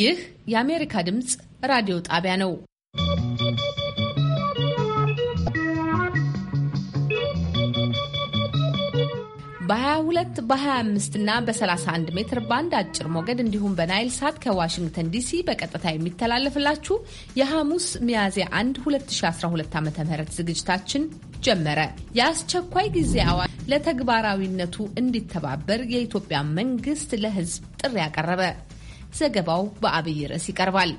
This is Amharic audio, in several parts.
ይህ የአሜሪካ ድምፅ ራዲዮ ጣቢያ ነው። በ22 በ25 እና በ31 ሜትር ባንድ አጭር ሞገድ እንዲሁም በናይል ሳት ከዋሽንግተን ዲሲ በቀጥታ የሚተላለፍላችሁ የሐሙስ ሚያዝያ 1 2012 ዓ ም ዝግጅታችን ጀመረ። የአስቸኳይ ጊዜ አዋጅ ለተግባራዊነቱ እንዲተባበር የኢትዮጵያ መንግስት ለሕዝብ ጥሪ አቀረበ። ዘገባው በአብይ ርዕስ ይቀርባል።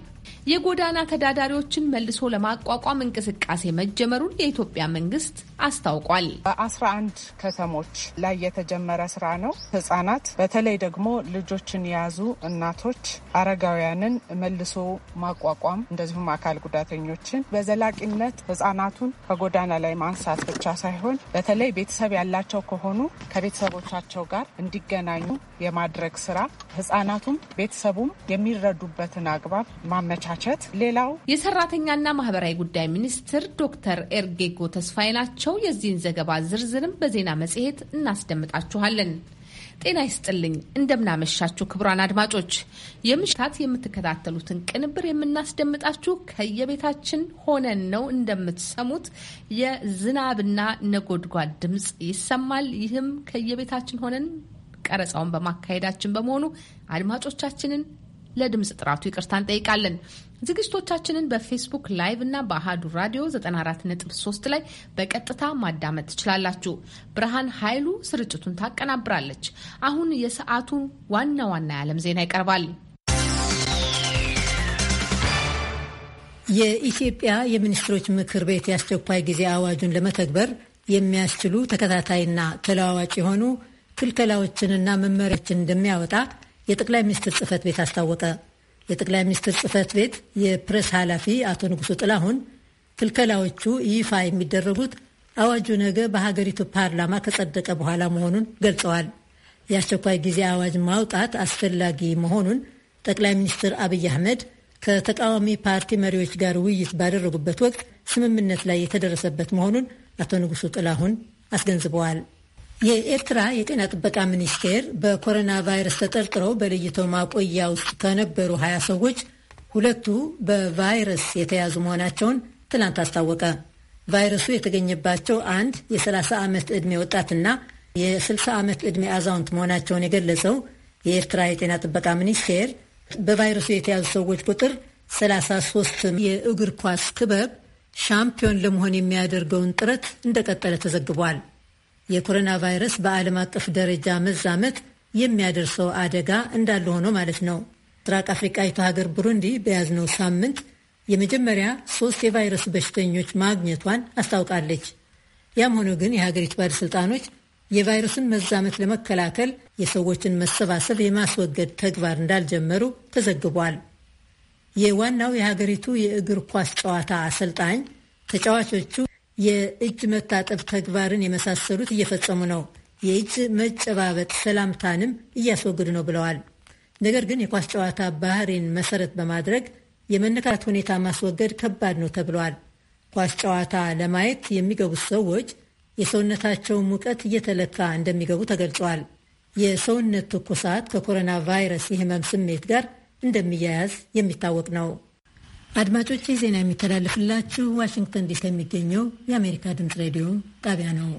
የጎዳና ተዳዳሪዎችን መልሶ ለማቋቋም እንቅስቃሴ መጀመሩን የኢትዮጵያ መንግስት አስታውቋል። በአስራ አንድ ከተሞች ላይ የተጀመረ ስራ ነው። ህጻናት በተለይ ደግሞ ልጆችን የያዙ እናቶች አረጋውያንን መልሶ ማቋቋም እንደዚሁም አካል ጉዳተኞችን በዘላቂነት ህጻናቱን ከጎዳና ላይ ማንሳት ብቻ ሳይሆን በተለይ ቤተሰብ ያላቸው ከሆኑ ከቤተሰቦቻቸው ጋር እንዲገናኙ የማድረግ ስራ ህጻናቱም ቤተሰቡም የሚረዱበትን አግባብ ማመቻ ማመቻቸት። ሌላው የሰራተኛና ማህበራዊ ጉዳይ ሚኒስትር ዶክተር ኤርጌጎ ተስፋዬ ናቸው። የዚህን ዘገባ ዝርዝርም በዜና መጽሔት እናስደምጣችኋለን። ጤና ይስጥልኝ። እንደምናመሻችሁ ክቡራን አድማጮች፣ የምሽታት የምትከታተሉትን ቅንብር የምናስደምጣችሁ ከየቤታችን ሆነን ነው። እንደምትሰሙት የዝናብና ነጎድጓድ ድምፅ ይሰማል። ይህም ከየቤታችን ሆነን ቀረጻውን በማካሄዳችን በመሆኑ አድማጮቻችንን ለድምፅ ጥራቱ ይቅርታ እንጠይቃለን። ዝግጅቶቻችንን በፌስቡክ ላይቭ እና በአሃዱ ራዲዮ 94.3 ላይ በቀጥታ ማዳመጥ ትችላላችሁ። ብርሃን ኃይሉ ስርጭቱን ታቀናብራለች። አሁን የሰዓቱ ዋና ዋና የዓለም ዜና ይቀርባል። የኢትዮጵያ የሚኒስትሮች ምክር ቤት የአስቸኳይ ጊዜ አዋጁን ለመተግበር የሚያስችሉ ተከታታይና ተለዋዋጭ የሆኑ ክልከላዎችንና መመሪያዎችን እንደሚያወጣ የጠቅላይ ሚኒስትር ጽህፈት ቤት አስታወቀ። የጠቅላይ ሚኒስትር ጽህፈት ቤት የፕሬስ ኃላፊ አቶ ንጉሱ ጥላሁን ክልከላዎቹ ይፋ የሚደረጉት አዋጁ ነገ በሀገሪቱ ፓርላማ ከጸደቀ በኋላ መሆኑን ገልጸዋል። የአስቸኳይ ጊዜ አዋጅ ማውጣት አስፈላጊ መሆኑን ጠቅላይ ሚኒስትር አብይ አህመድ ከተቃዋሚ ፓርቲ መሪዎች ጋር ውይይት ባደረጉበት ወቅት ስምምነት ላይ የተደረሰበት መሆኑን አቶ ንጉሱ ጥላሁን አስገንዝበዋል። የኤርትራ የጤና ጥበቃ ሚኒስቴር በኮሮና ቫይረስ ተጠርጥረው በለይቶ ማቆያ ውስጥ ከነበሩ ሀያ ሰዎች ሁለቱ በቫይረስ የተያዙ መሆናቸውን ትናንት አስታወቀ። ቫይረሱ የተገኘባቸው አንድ የ30 ዓመት ዕድሜ ወጣትና የ60 ዓመት ዕድሜ አዛውንት መሆናቸውን የገለጸው የኤርትራ የጤና ጥበቃ ሚኒስቴር በቫይረሱ የተያዙ ሰዎች ቁጥር 33 የእግር ኳስ ክበብ ሻምፒዮን ለመሆን የሚያደርገውን ጥረት እንደቀጠለ ተዘግቧል። የኮሮና ቫይረስ በዓለም አቀፍ ደረጃ መዛመት የሚያደርሰው አደጋ እንዳለ ሆኖ ማለት ነው። ምስራቅ አፍሪቃዊቱ ሀገር ብሩንዲ በያዝነው ሳምንት የመጀመሪያ ሶስት የቫይረስ በሽተኞች ማግኘቷን አስታውቃለች። ያም ሆኖ ግን የሀገሪቱ ባለሥልጣኖች የቫይረስን መዛመት ለመከላከል የሰዎችን መሰባሰብ የማስወገድ ተግባር እንዳልጀመሩ ተዘግቧል። የዋናው የሀገሪቱ የእግር ኳስ ጨዋታ አሰልጣኝ ተጫዋቾቹ የእጅ መታጠብ ተግባርን የመሳሰሉት እየፈጸሙ ነው። የእጅ መጨባበጥ ሰላምታንም እያስወገዱ ነው ብለዋል። ነገር ግን የኳስ ጨዋታ ባህሪን መሰረት በማድረግ የመነካት ሁኔታ ማስወገድ ከባድ ነው ተብለዋል። ኳስ ጨዋታ ለማየት የሚገቡት ሰዎች የሰውነታቸውን ሙቀት እየተለካ እንደሚገቡ ተገልጿል። የሰውነት ትኩሳት ከኮሮና ቫይረስ የህመም ስሜት ጋር እንደሚያያዝ የሚታወቅ ነው። አድማጮች ዜና የሚተላለፍላችሁ ዋሽንግተን ዲሲ የሚገኘው የአሜሪካ ድምፅ ሬዲዮ ጣቢያ ነው።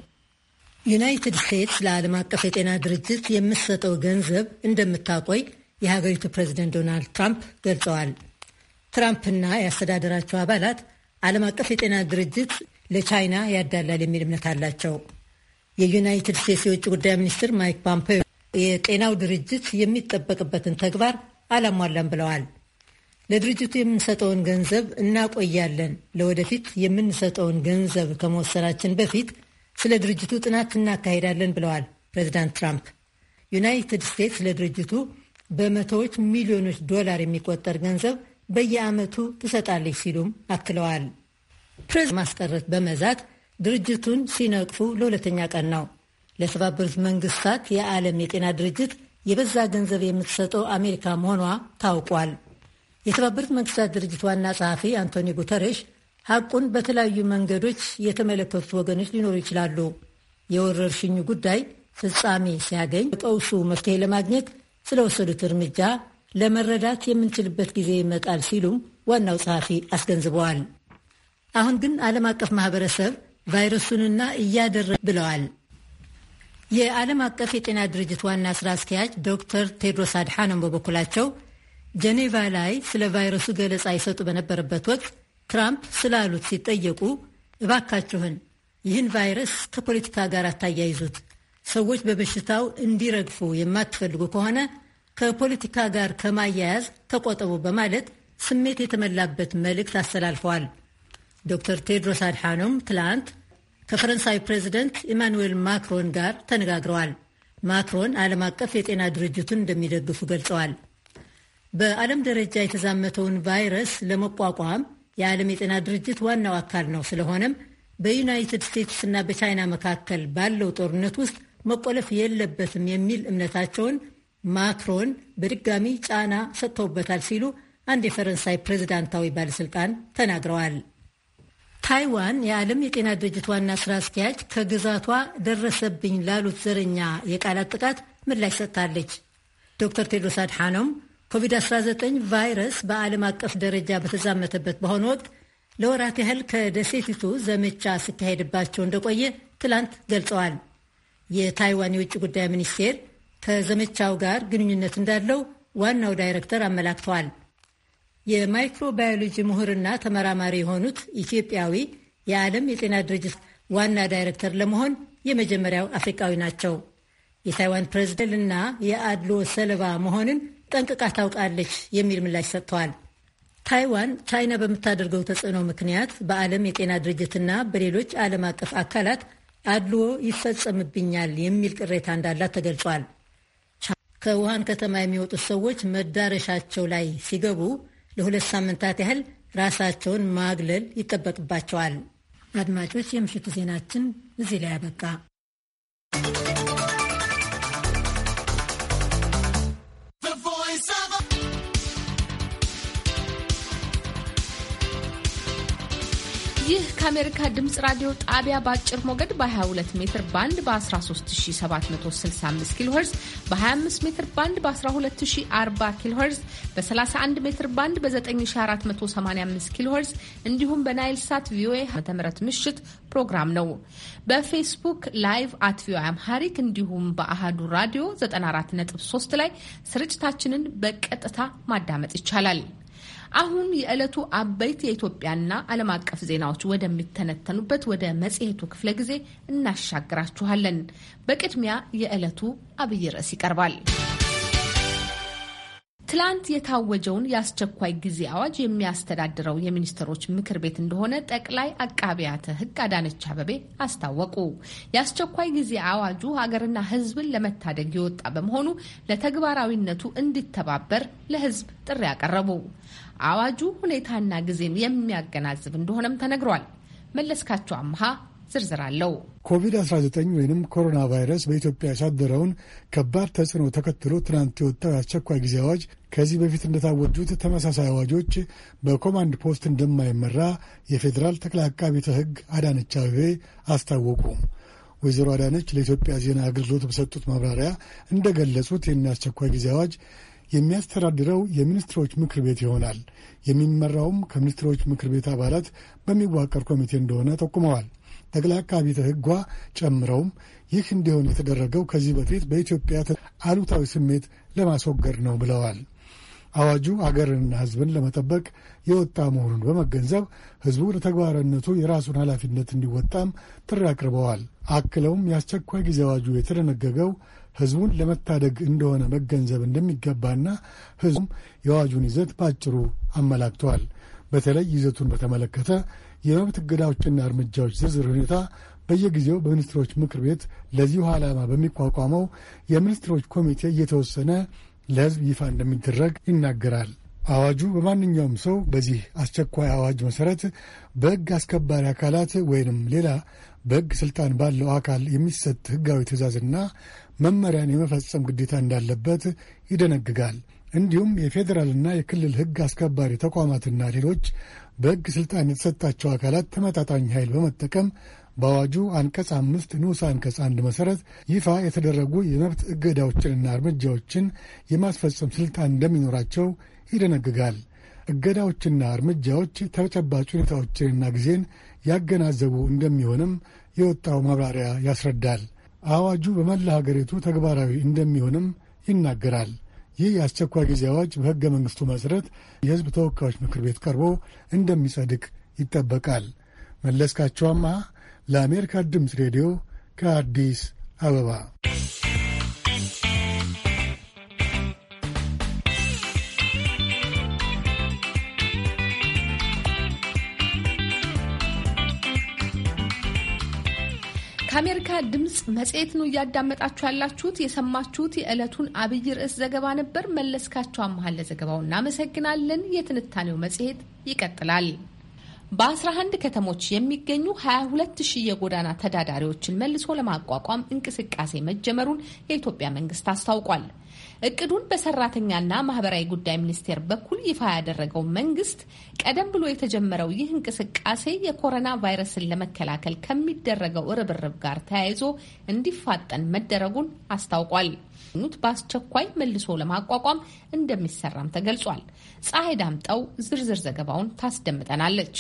ዩናይትድ ስቴትስ ለዓለም አቀፍ የጤና ድርጅት የምትሰጠው ገንዘብ እንደምታቆይ የሀገሪቱ ፕሬዚደንት ዶናልድ ትራምፕ ገልጸዋል። ትራምፕና የአስተዳደራቸው አባላት ዓለም አቀፍ የጤና ድርጅት ለቻይና ያዳላል የሚል እምነት አላቸው። የዩናይትድ ስቴትስ የውጭ ጉዳይ ሚኒስትር ማይክ ፖምፔዮ የጤናው ድርጅት የሚጠበቅበትን ተግባር አላሟላም ብለዋል። ለድርጅቱ የምንሰጠውን ገንዘብ እናቆያለን። ለወደፊት የምንሰጠውን ገንዘብ ከመወሰናችን በፊት ስለ ድርጅቱ ጥናት እናካሄዳለን ብለዋል ፕሬዚዳንት ትራምፕ። ዩናይትድ ስቴትስ ለድርጅቱ በመቶዎች ሚሊዮኖች ዶላር የሚቆጠር ገንዘብ በየዓመቱ ትሰጣለች ሲሉም አክለዋል። ማስቀረት በመዛት ድርጅቱን ሲነቅፉ ለሁለተኛ ቀን ነው። ለተባበሩት መንግስታት የዓለም የጤና ድርጅት የበዛ ገንዘብ የምትሰጠው አሜሪካ መሆኗ ታውቋል። የተባበሩት መንግስታት ድርጅት ዋና ጸሐፊ አንቶኒ ጉተሬሽ ሐቁን በተለያዩ መንገዶች የተመለከቱት ወገኖች ሊኖሩ ይችላሉ። የወረርሽኙ ጉዳይ ፍጻሜ ሲያገኝ ቀውሱ መፍትሄ ለማግኘት ስለወሰዱት እርምጃ ለመረዳት የምንችልበት ጊዜ ይመጣል ሲሉም ዋናው ጸሐፊ አስገንዝበዋል። አሁን ግን ዓለም አቀፍ ማህበረሰብ ቫይረሱንና እያደረ ብለዋል። የዓለም አቀፍ የጤና ድርጅት ዋና ስራ አስኪያጅ ዶክተር ቴድሮስ አድሓኖም በበኩላቸው ጀኔቫ ላይ ስለ ቫይረሱ ገለጻ ይሰጡ በነበረበት ወቅት ትራምፕ ስላሉት ሲጠየቁ እባካችሁን ይህን ቫይረስ ከፖለቲካ ጋር አታያይዙት፣ ሰዎች በበሽታው እንዲረግፉ የማትፈልጉ ከሆነ ከፖለቲካ ጋር ከማያያዝ ተቆጠቡ በማለት ስሜት የተመላበት መልእክት አስተላልፈዋል። ዶክተር ቴድሮስ አድሓኖም ትላንት ከፈረንሳይ ፕሬዚደንት ኢማኑዌል ማክሮን ጋር ተነጋግረዋል። ማክሮን ዓለም አቀፍ የጤና ድርጅቱን እንደሚደግፉ ገልጸዋል። በዓለም ደረጃ የተዛመተውን ቫይረስ ለመቋቋም የዓለም የጤና ድርጅት ዋናው አካል ነው። ስለሆነም በዩናይትድ ስቴትስ እና በቻይና መካከል ባለው ጦርነት ውስጥ መቆለፍ የለበትም የሚል እምነታቸውን ማክሮን በድጋሚ ጫና ሰጥተውበታል ሲሉ አንድ የፈረንሳይ ፕሬዚዳንታዊ ባለሥልጣን ተናግረዋል። ታይዋን የዓለም የጤና ድርጅት ዋና ስራ አስኪያጅ ከግዛቷ ደረሰብኝ ላሉት ዘረኛ የቃላት ጥቃት ምላሽ ሰጥታለች። ዶክተር ቴድሮስ አድሓኖም ኮቪድ-19 ቫይረስ በዓለም አቀፍ ደረጃ በተዛመተበት በአሁኑ ወቅት ለወራት ያህል ከደሴቲቱ ዘመቻ ሲካሄድባቸው እንደቆየ ትላንት ገልጸዋል። የታይዋን የውጭ ጉዳይ ሚኒስቴር ከዘመቻው ጋር ግንኙነት እንዳለው ዋናው ዳይሬክተር አመላክተዋል። የማይክሮባዮሎጂ ምሁርና ተመራማሪ የሆኑት ኢትዮጵያዊ የዓለም የጤና ድርጅት ዋና ዳይሬክተር ለመሆን የመጀመሪያው አፍሪቃዊ ናቸው። የታይዋን እና የአድሎ ሰለባ መሆንን ጠንቅቃ ታውቃለች የሚል ምላሽ ሰጥተዋል። ታይዋን ቻይና በምታደርገው ተጽዕኖ ምክንያት በዓለም የጤና ድርጅትና በሌሎች ዓለም አቀፍ አካላት አድልዎ ይፈጸምብኛል የሚል ቅሬታ እንዳላት ተገልጿል። ከውሃን ከተማ የሚወጡት ሰዎች መዳረሻቸው ላይ ሲገቡ ለሁለት ሳምንታት ያህል ራሳቸውን ማግለል ይጠበቅባቸዋል። አድማጮች፣ የምሽቱ ዜናችን እዚህ ላይ አበቃ። ይህ ከአሜሪካ ድምፅ ራዲዮ ጣቢያ በአጭር ሞገድ በ22 ሜትር ባንድ በ13765 ኪሎ ሄርዝ በ25 ሜትር ባንድ በ1240 ኪሎ ሄርዝ በ31 ሜትር ባንድ በ9485 ኪሎ ሄርዝ እንዲሁም በናይል ሳት ቪኦኤ መተምረት ምሽት ፕሮግራም ነው። በፌስቡክ ላይቭ አት ቪኦኤ አምሃሪክ እንዲሁም በአህዱ ራዲዮ 94.3 ላይ ስርጭታችንን በቀጥታ ማዳመጥ ይቻላል። አሁን የዕለቱ አበይት የኢትዮጵያና ዓለም አቀፍ ዜናዎች ወደሚተነተኑበት ወደ መጽሔቱ ክፍለ ጊዜ እናሻግራችኋለን። በቅድሚያ የዕለቱ አብይ ርዕስ ይቀርባል። ትላንት የታወጀውን የአስቸኳይ ጊዜ አዋጅ የሚያስተዳድረው የሚኒስትሮች ምክር ቤት እንደሆነ ጠቅላይ አቃቢያተ ሕግ አዳነች አበቤ አስታወቁ። የአስቸኳይ ጊዜ አዋጁ ሀገርና ሕዝብን ለመታደግ የወጣ በመሆኑ ለተግባራዊነቱ እንዲተባበር ለሕዝብ ጥሪ ያቀረቡ አዋጁ ሁኔታና ጊዜን የሚያገናዝብ እንደሆነም ተነግሯል። መለስካቸው አምሃ ዝርዝር አለው። ኮቪድ-19 ወይንም ኮሮና ቫይረስ በኢትዮጵያ ያሳደረውን ከባድ ተጽዕኖ ተከትሎ ትናንት የወጣው የአስቸኳይ ጊዜ አዋጅ ከዚህ በፊት እንደታወጁት ተመሳሳይ አዋጆች በኮማንድ ፖስት እንደማይመራ የፌዴራል ጠቅላይ አቃቤ ሕግ አዳነች አቤቤ አስታወቁ። ወይዘሮ አዳነች ለኢትዮጵያ ዜና አገልግሎት በሰጡት ማብራሪያ እንደገለጹት ይህን አስቸኳይ ጊዜ አዋጅ የሚያስተዳድረው የሚኒስትሮች ምክር ቤት ይሆናል። የሚመራውም ከሚኒስትሮች ምክር ቤት አባላት በሚዋቀር ኮሚቴ እንደሆነ ጠቁመዋል። ጠቅላይ አቃቤ ሕጓ ጨምረውም ይህ እንዲሆን የተደረገው ከዚህ በፊት በኢትዮጵያ አሉታዊ ስሜት ለማስወገድ ነው ብለዋል። አዋጁ አገርንና ሕዝብን ለመጠበቅ የወጣ መሆኑን በመገንዘብ ሕዝቡ ለተግባራዊነቱ የራሱን ኃላፊነት እንዲወጣም ጥሪ አቅርበዋል። አክለውም የአስቸኳይ ጊዜ አዋጁ የተደነገገው ሕዝቡን ለመታደግ እንደሆነ መገንዘብ እንደሚገባና ሕዝቡም የአዋጁን ይዘት በአጭሩ አመላክተዋል። በተለይ ይዘቱን በተመለከተ የመብት እገዳዎችና እርምጃዎች ዝርዝር ሁኔታ በየጊዜው በሚኒስትሮች ምክር ቤት ለዚሁ ዓላማ በሚቋቋመው የሚኒስትሮች ኮሚቴ እየተወሰነ ለሕዝብ ይፋ እንደሚደረግ ይናገራል። አዋጁ በማንኛውም ሰው በዚህ አስቸኳይ አዋጅ መሠረት በሕግ አስከባሪ አካላት ወይንም ሌላ በሕግ ሥልጣን ባለው አካል የሚሰጥ ሕጋዊ ትእዛዝና መመሪያን የመፈጸም ግዴታ እንዳለበት ይደነግጋል። እንዲሁም የፌዴራልና የክልል ሕግ አስከባሪ ተቋማትና ሌሎች በሕግ ሥልጣን የተሰጣቸው አካላት ተመጣጣኝ ኃይል በመጠቀም በአዋጁ አንቀጽ አምስት ንዑስ አንቀጽ አንድ መሠረት ይፋ የተደረጉ የመብት እገዳዎችንና እርምጃዎችን የማስፈጸም ሥልጣን እንደሚኖራቸው ይደነግጋል። እገዳዎችና እርምጃዎች ተጨባጭ ሁኔታዎችንና ጊዜን ያገናዘቡ እንደሚሆንም የወጣው ማብራሪያ ያስረዳል። አዋጁ በመላ ሀገሪቱ ተግባራዊ እንደሚሆንም ይናገራል። ይህ የአስቸኳይ ጊዜ አዋጅ በሕገ መንግሥቱ መሠረት የሕዝብ ተወካዮች ምክር ቤት ቀርቦ እንደሚጸድቅ ይጠበቃል። መለስካቸው ለአሜሪካ ድምፅ ሬዲዮ ከአዲስ አበባ ከአሜሪካ ድምፅ መጽሔት ነው እያዳመጣችሁ ያላችሁት። የሰማችሁት የዕለቱን አብይ ርዕስ ዘገባ ነበር። መለስካቸው አመሀል ለዘገባው እናመሰግናለን። የትንታኔው መጽሔት ይቀጥላል። በ11 ከተሞች የሚገኙ 22 የጎዳና ተዳዳሪዎችን መልሶ ለማቋቋም እንቅስቃሴ መጀመሩን የኢትዮጵያ መንግስት አስታውቋል። እቅዱን በሰራተኛና ማህበራዊ ጉዳይ ሚኒስቴር በኩል ይፋ ያደረገው መንግስት ቀደም ብሎ የተጀመረው ይህ እንቅስቃሴ የኮሮና ቫይረስን ለመከላከል ከሚደረገው ርብርብ ጋር ተያይዞ እንዲፋጠን መደረጉን አስታውቋል። በአስቸኳይ መልሶ ለማቋቋም እንደሚሰራም ተገልጿል። ፀሐይ ዳምጠው ዝርዝር ዘገባውን ታስደምጠናለች።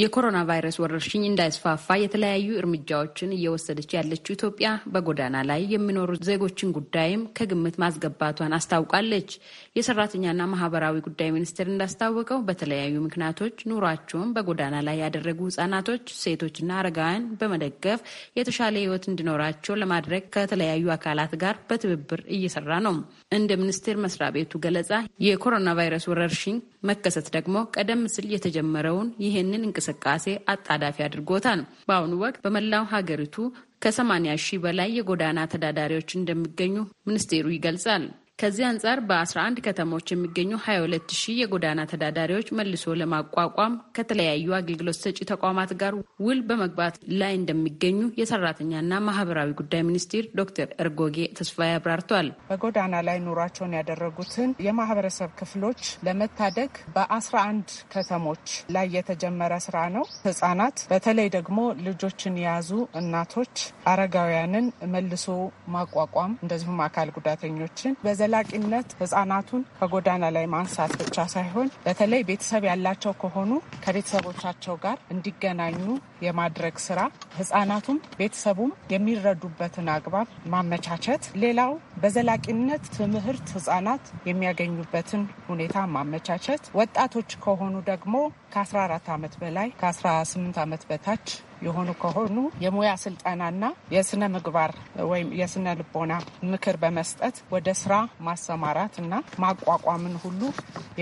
የኮሮና ቫይረስ ወረርሽኝ እንዳይስፋፋ የተለያዩ እርምጃዎችን እየወሰደች ያለችው ኢትዮጵያ በጎዳና ላይ የሚኖሩ ዜጎችን ጉዳይም ከግምት ማስገባቷን አስታውቃለች። የሰራተኛና ማህበራዊ ጉዳይ ሚኒስቴር እንዳስታወቀው በተለያዩ ምክንያቶች ኑሯቸውን በጎዳና ላይ ያደረጉ ህጻናቶች፣ ሴቶችና አረጋውያን በመደገፍ የተሻለ ህይወት እንዲኖራቸው ለማድረግ ከተለያዩ አካላት ጋር በትብብር እየሰራ ነው። እንደ ሚኒስቴር መስሪያ ቤቱ ገለጻ የኮሮና ቫይረስ ወረርሽኝ መከሰት ደግሞ ቀደም ሲል የተጀመረውን ይህንን እንቅስቃሴ አጣዳፊ አድርጎታል። በአሁኑ ወቅት በመላው ሀገሪቱ ከ80 ሺህ በላይ የጎዳና ተዳዳሪዎች እንደሚገኙ ሚኒስቴሩ ይገልጻል። ከዚህ አንጻር በ11 ከተሞች የሚገኙ 22 ሺህ የጎዳና ተዳዳሪዎች መልሶ ለማቋቋም ከተለያዩ አገልግሎት ሰጪ ተቋማት ጋር ውል በመግባት ላይ እንደሚገኙ የሰራተኛና ማህበራዊ ጉዳይ ሚኒስትር ዶክተር እርጎጌ ተስፋዬ አብራርቷል። በጎዳና ላይ ኑሯቸውን ያደረጉትን የማህበረሰብ ክፍሎች ለመታደግ በ11 ከተሞች ላይ የተጀመረ ስራ ነው። ህጻናት በተለይ ደግሞ ልጆችን የያዙ እናቶች አረጋውያንን መልሶ ማቋቋም እንደዚሁም አካል ጉዳተኞችን በዘላቂነት ህጻናቱን ከጎዳና ላይ ማንሳት ብቻ ሳይሆን በተለይ ቤተሰብ ያላቸው ከሆኑ ከቤተሰቦቻቸው ጋር እንዲገናኙ የማድረግ ስራ ህጻናቱም ቤተሰቡም የሚረዱበትን አግባብ ማመቻቸት፣ ሌላው በዘላቂነት ትምህርት ህጻናት የሚያገኙበትን ሁኔታ ማመቻቸት፣ ወጣቶች ከሆኑ ደግሞ ከ14 ዓመት በላይ ከ18 ዓመት በታች የሆኑ ከሆኑ የሙያ ስልጠናና የስነ ምግባር ወይም የስነ ልቦና ምክር በመስጠት ወደ ስራ ማሰማራት እና ማቋቋምን ሁሉ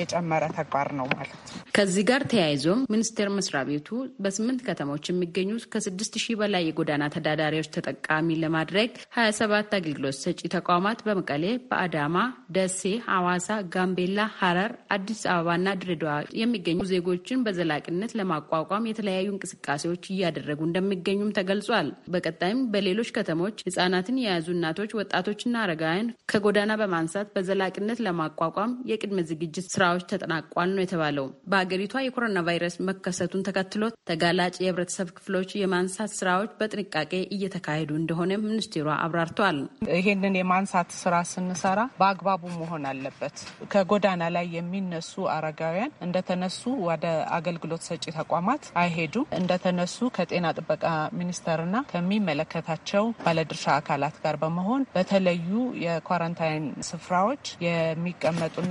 የጨመረ ተግባር ነው ማለት ነው። ከዚህ ጋር ተያይዞም ሚኒስቴር መስሪያ ቤቱ በስምንት ከተሞች የሚገኙ ከስድስት ሺህ በላይ የጎዳና ተዳዳሪዎች ተጠቃሚ ለማድረግ ሀያ ሰባት አገልግሎት ሰጪ ተቋማት በመቀሌ፣ በአዳማ፣ ደሴ፣ ሐዋሳ፣ ጋምቤላ፣ ሐረር፣ አዲስ አበባና ድሬዳዋ የሚገኙ ዜጎችን በዘላቂነት ለማቋቋም የተለያዩ እንቅስቃሴዎች እያደረጉ እንደሚገኙም ተገልጿል። በቀጣይም በሌሎች ከተሞች ህጻናትን የያዙ እናቶች፣ ወጣቶችና አረጋውያን ከጎዳና በማንሳት በዘላቂነት ለማቋቋም የቅድመ ዝግጅት ስራዎች ተጠናቋል ነው የተባለው። በሀገሪቷ የኮሮና ቫይረስ መከሰቱን ተከትሎ ተጋላጭ የህብረተሰብ ክፍሎች የማንሳት ስራዎች በጥንቃቄ እየተካሄዱ እንደሆነ ሚኒስቴሯ አብራርተዋል። ይህንን የማንሳት ስራ ስንሰራ በአግባቡ መሆን አለበት። ከጎዳና ላይ የሚነሱ አረጋውያን እንደተነሱ ወደ አገልግሎት ሰጪ ተቋማት አይሄዱም። እንደተነሱ ከጤና ጥበቃ ሚኒስቴርና ከሚመለከታቸው ባለድርሻ አካላት ጋር በመሆን በተለዩ የኳረንታይን ስፍራዎች የሚቀመጡና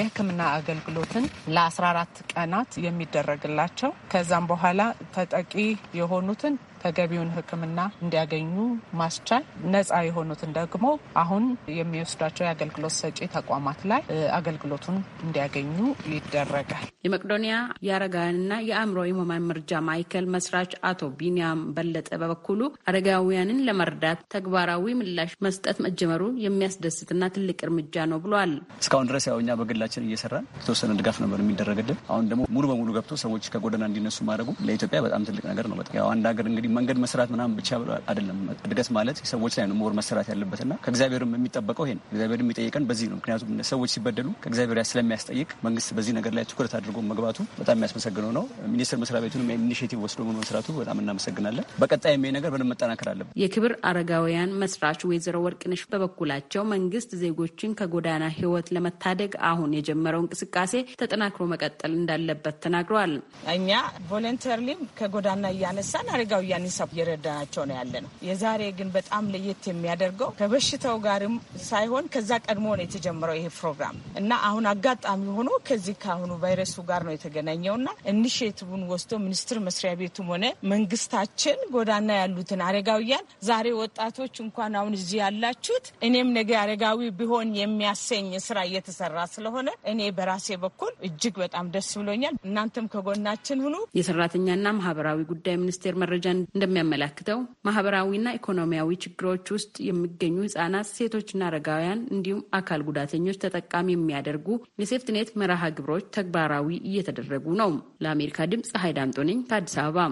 የህክምና አገልግሎትን ለ14 ቀናት የሚደረግላቸው ከዛም በኋላ ተጠቂ የሆኑትን ተገቢውን ሕክምና እንዲያገኙ ማስቻል፣ ነፃ የሆኑትን ደግሞ አሁን የሚወስዷቸው የአገልግሎት ሰጪ ተቋማት ላይ አገልግሎቱን እንዲያገኙ ይደረጋል። የመቅዶኒያ የአረጋውያንና የአእምሮ ሕሙማን መርጃ ማዕከል መስራች አቶ ቢኒያም በለጠ በበኩሉ አረጋውያንን ለመርዳት ተግባራዊ ምላሽ መስጠት መጀመሩ የሚያስደስትና ትልቅ እርምጃ ነው ብሏል። እስካሁን ድረስ ያው እኛ በግላችን እየሰራን የተወሰነ ድጋፍ ነበር የሚደረግልን። አሁን ደግሞ ሙሉ በሙሉ ገብቶ ሰዎች ከጎዳና እንዲነሱ ማድረጉ ለኢትዮጵያ በጣም ትልቅ ነገር ነው። በጣም ያው አንድ ሀገር እንግዲህ መንገድ መስራት ምናምን ብቻ ብሎ አይደለም። እድገት ማለት ሰዎች ላይ ነው ሞር መሰራት ያለበት እና ከእግዚአብሔርም የሚጠበቀው ይሄ ነው። እግዚአብሔር የሚጠይቀን በዚህ ነው። ምክንያቱም ሰዎች ሲበደሉ ከእግዚአብሔር ስለሚያስጠይቅ መንግስት በዚህ ነገር ላይ ትኩረት አድርጎ መግባቱ በጣም የሚያስመሰግነው ነው። ሚኒስቴር መስሪያ ቤቱንም ኢኒሽቲቭ ወስዶ መስራቱ በጣም እናመሰግናለን። በቀጣይ የሚ ነገር በደንብ መጠናከር አለበት። የክብር አረጋውያን መስራች ወይዘሮ ወርቅነሽ በበኩላቸው መንግስት ዜጎችን ከጎዳና ህይወት ለመታደግ አሁን የጀመረው እንቅስቃሴ ተጠናክሮ መቀጠል እንዳለበት ተናግረዋል። እኛ ቮለንተርሊም ከጎዳና እያነሳን አረጋውያን መድኃኒት እየረዳናቸው ነው ያለ ነው። የዛሬ ግን በጣም ለየት የሚያደርገው ከበሽታው ጋርም ሳይሆን ከዛ ቀድሞ ነው የተጀመረው ይሄ ፕሮግራም እና አሁን አጋጣሚ ሆኖ ከዚህ ከአሁኑ ቫይረሱ ጋር ነው የተገናኘውና ኢኒሽቲቭን ወስዶ ሚኒስቴር መስሪያ ቤቱም ሆነ መንግስታችን ጎዳና ያሉትን አረጋውያን ዛሬ ወጣቶች እንኳን አሁን እዚህ ያላችሁት እኔም ነገ አረጋዊ ቢሆን የሚያሰኝ ስራ እየተሰራ ስለሆነ እኔ በራሴ በኩል እጅግ በጣም ደስ ብሎኛል። እናንተም ከጎናችን ሁኑ። የሰራተኛና ማህበራዊ ጉዳይ ሚኒስቴር መረጃ እንደሚያመላክተው ማህበራዊና ኢኮኖሚያዊ ችግሮች ውስጥ የሚገኙ ህጻናት፣ ሴቶችና አረጋውያን እንዲሁም አካል ጉዳተኞች ተጠቃሚ የሚያደርጉ የሴፍትኔት መርሃ ግብሮች ተግባራዊ እየተደረጉ ነው። ለአሜሪካ ድምፅ ሀይድ አምጦነኝ ነኝ ከአዲስ አበባ።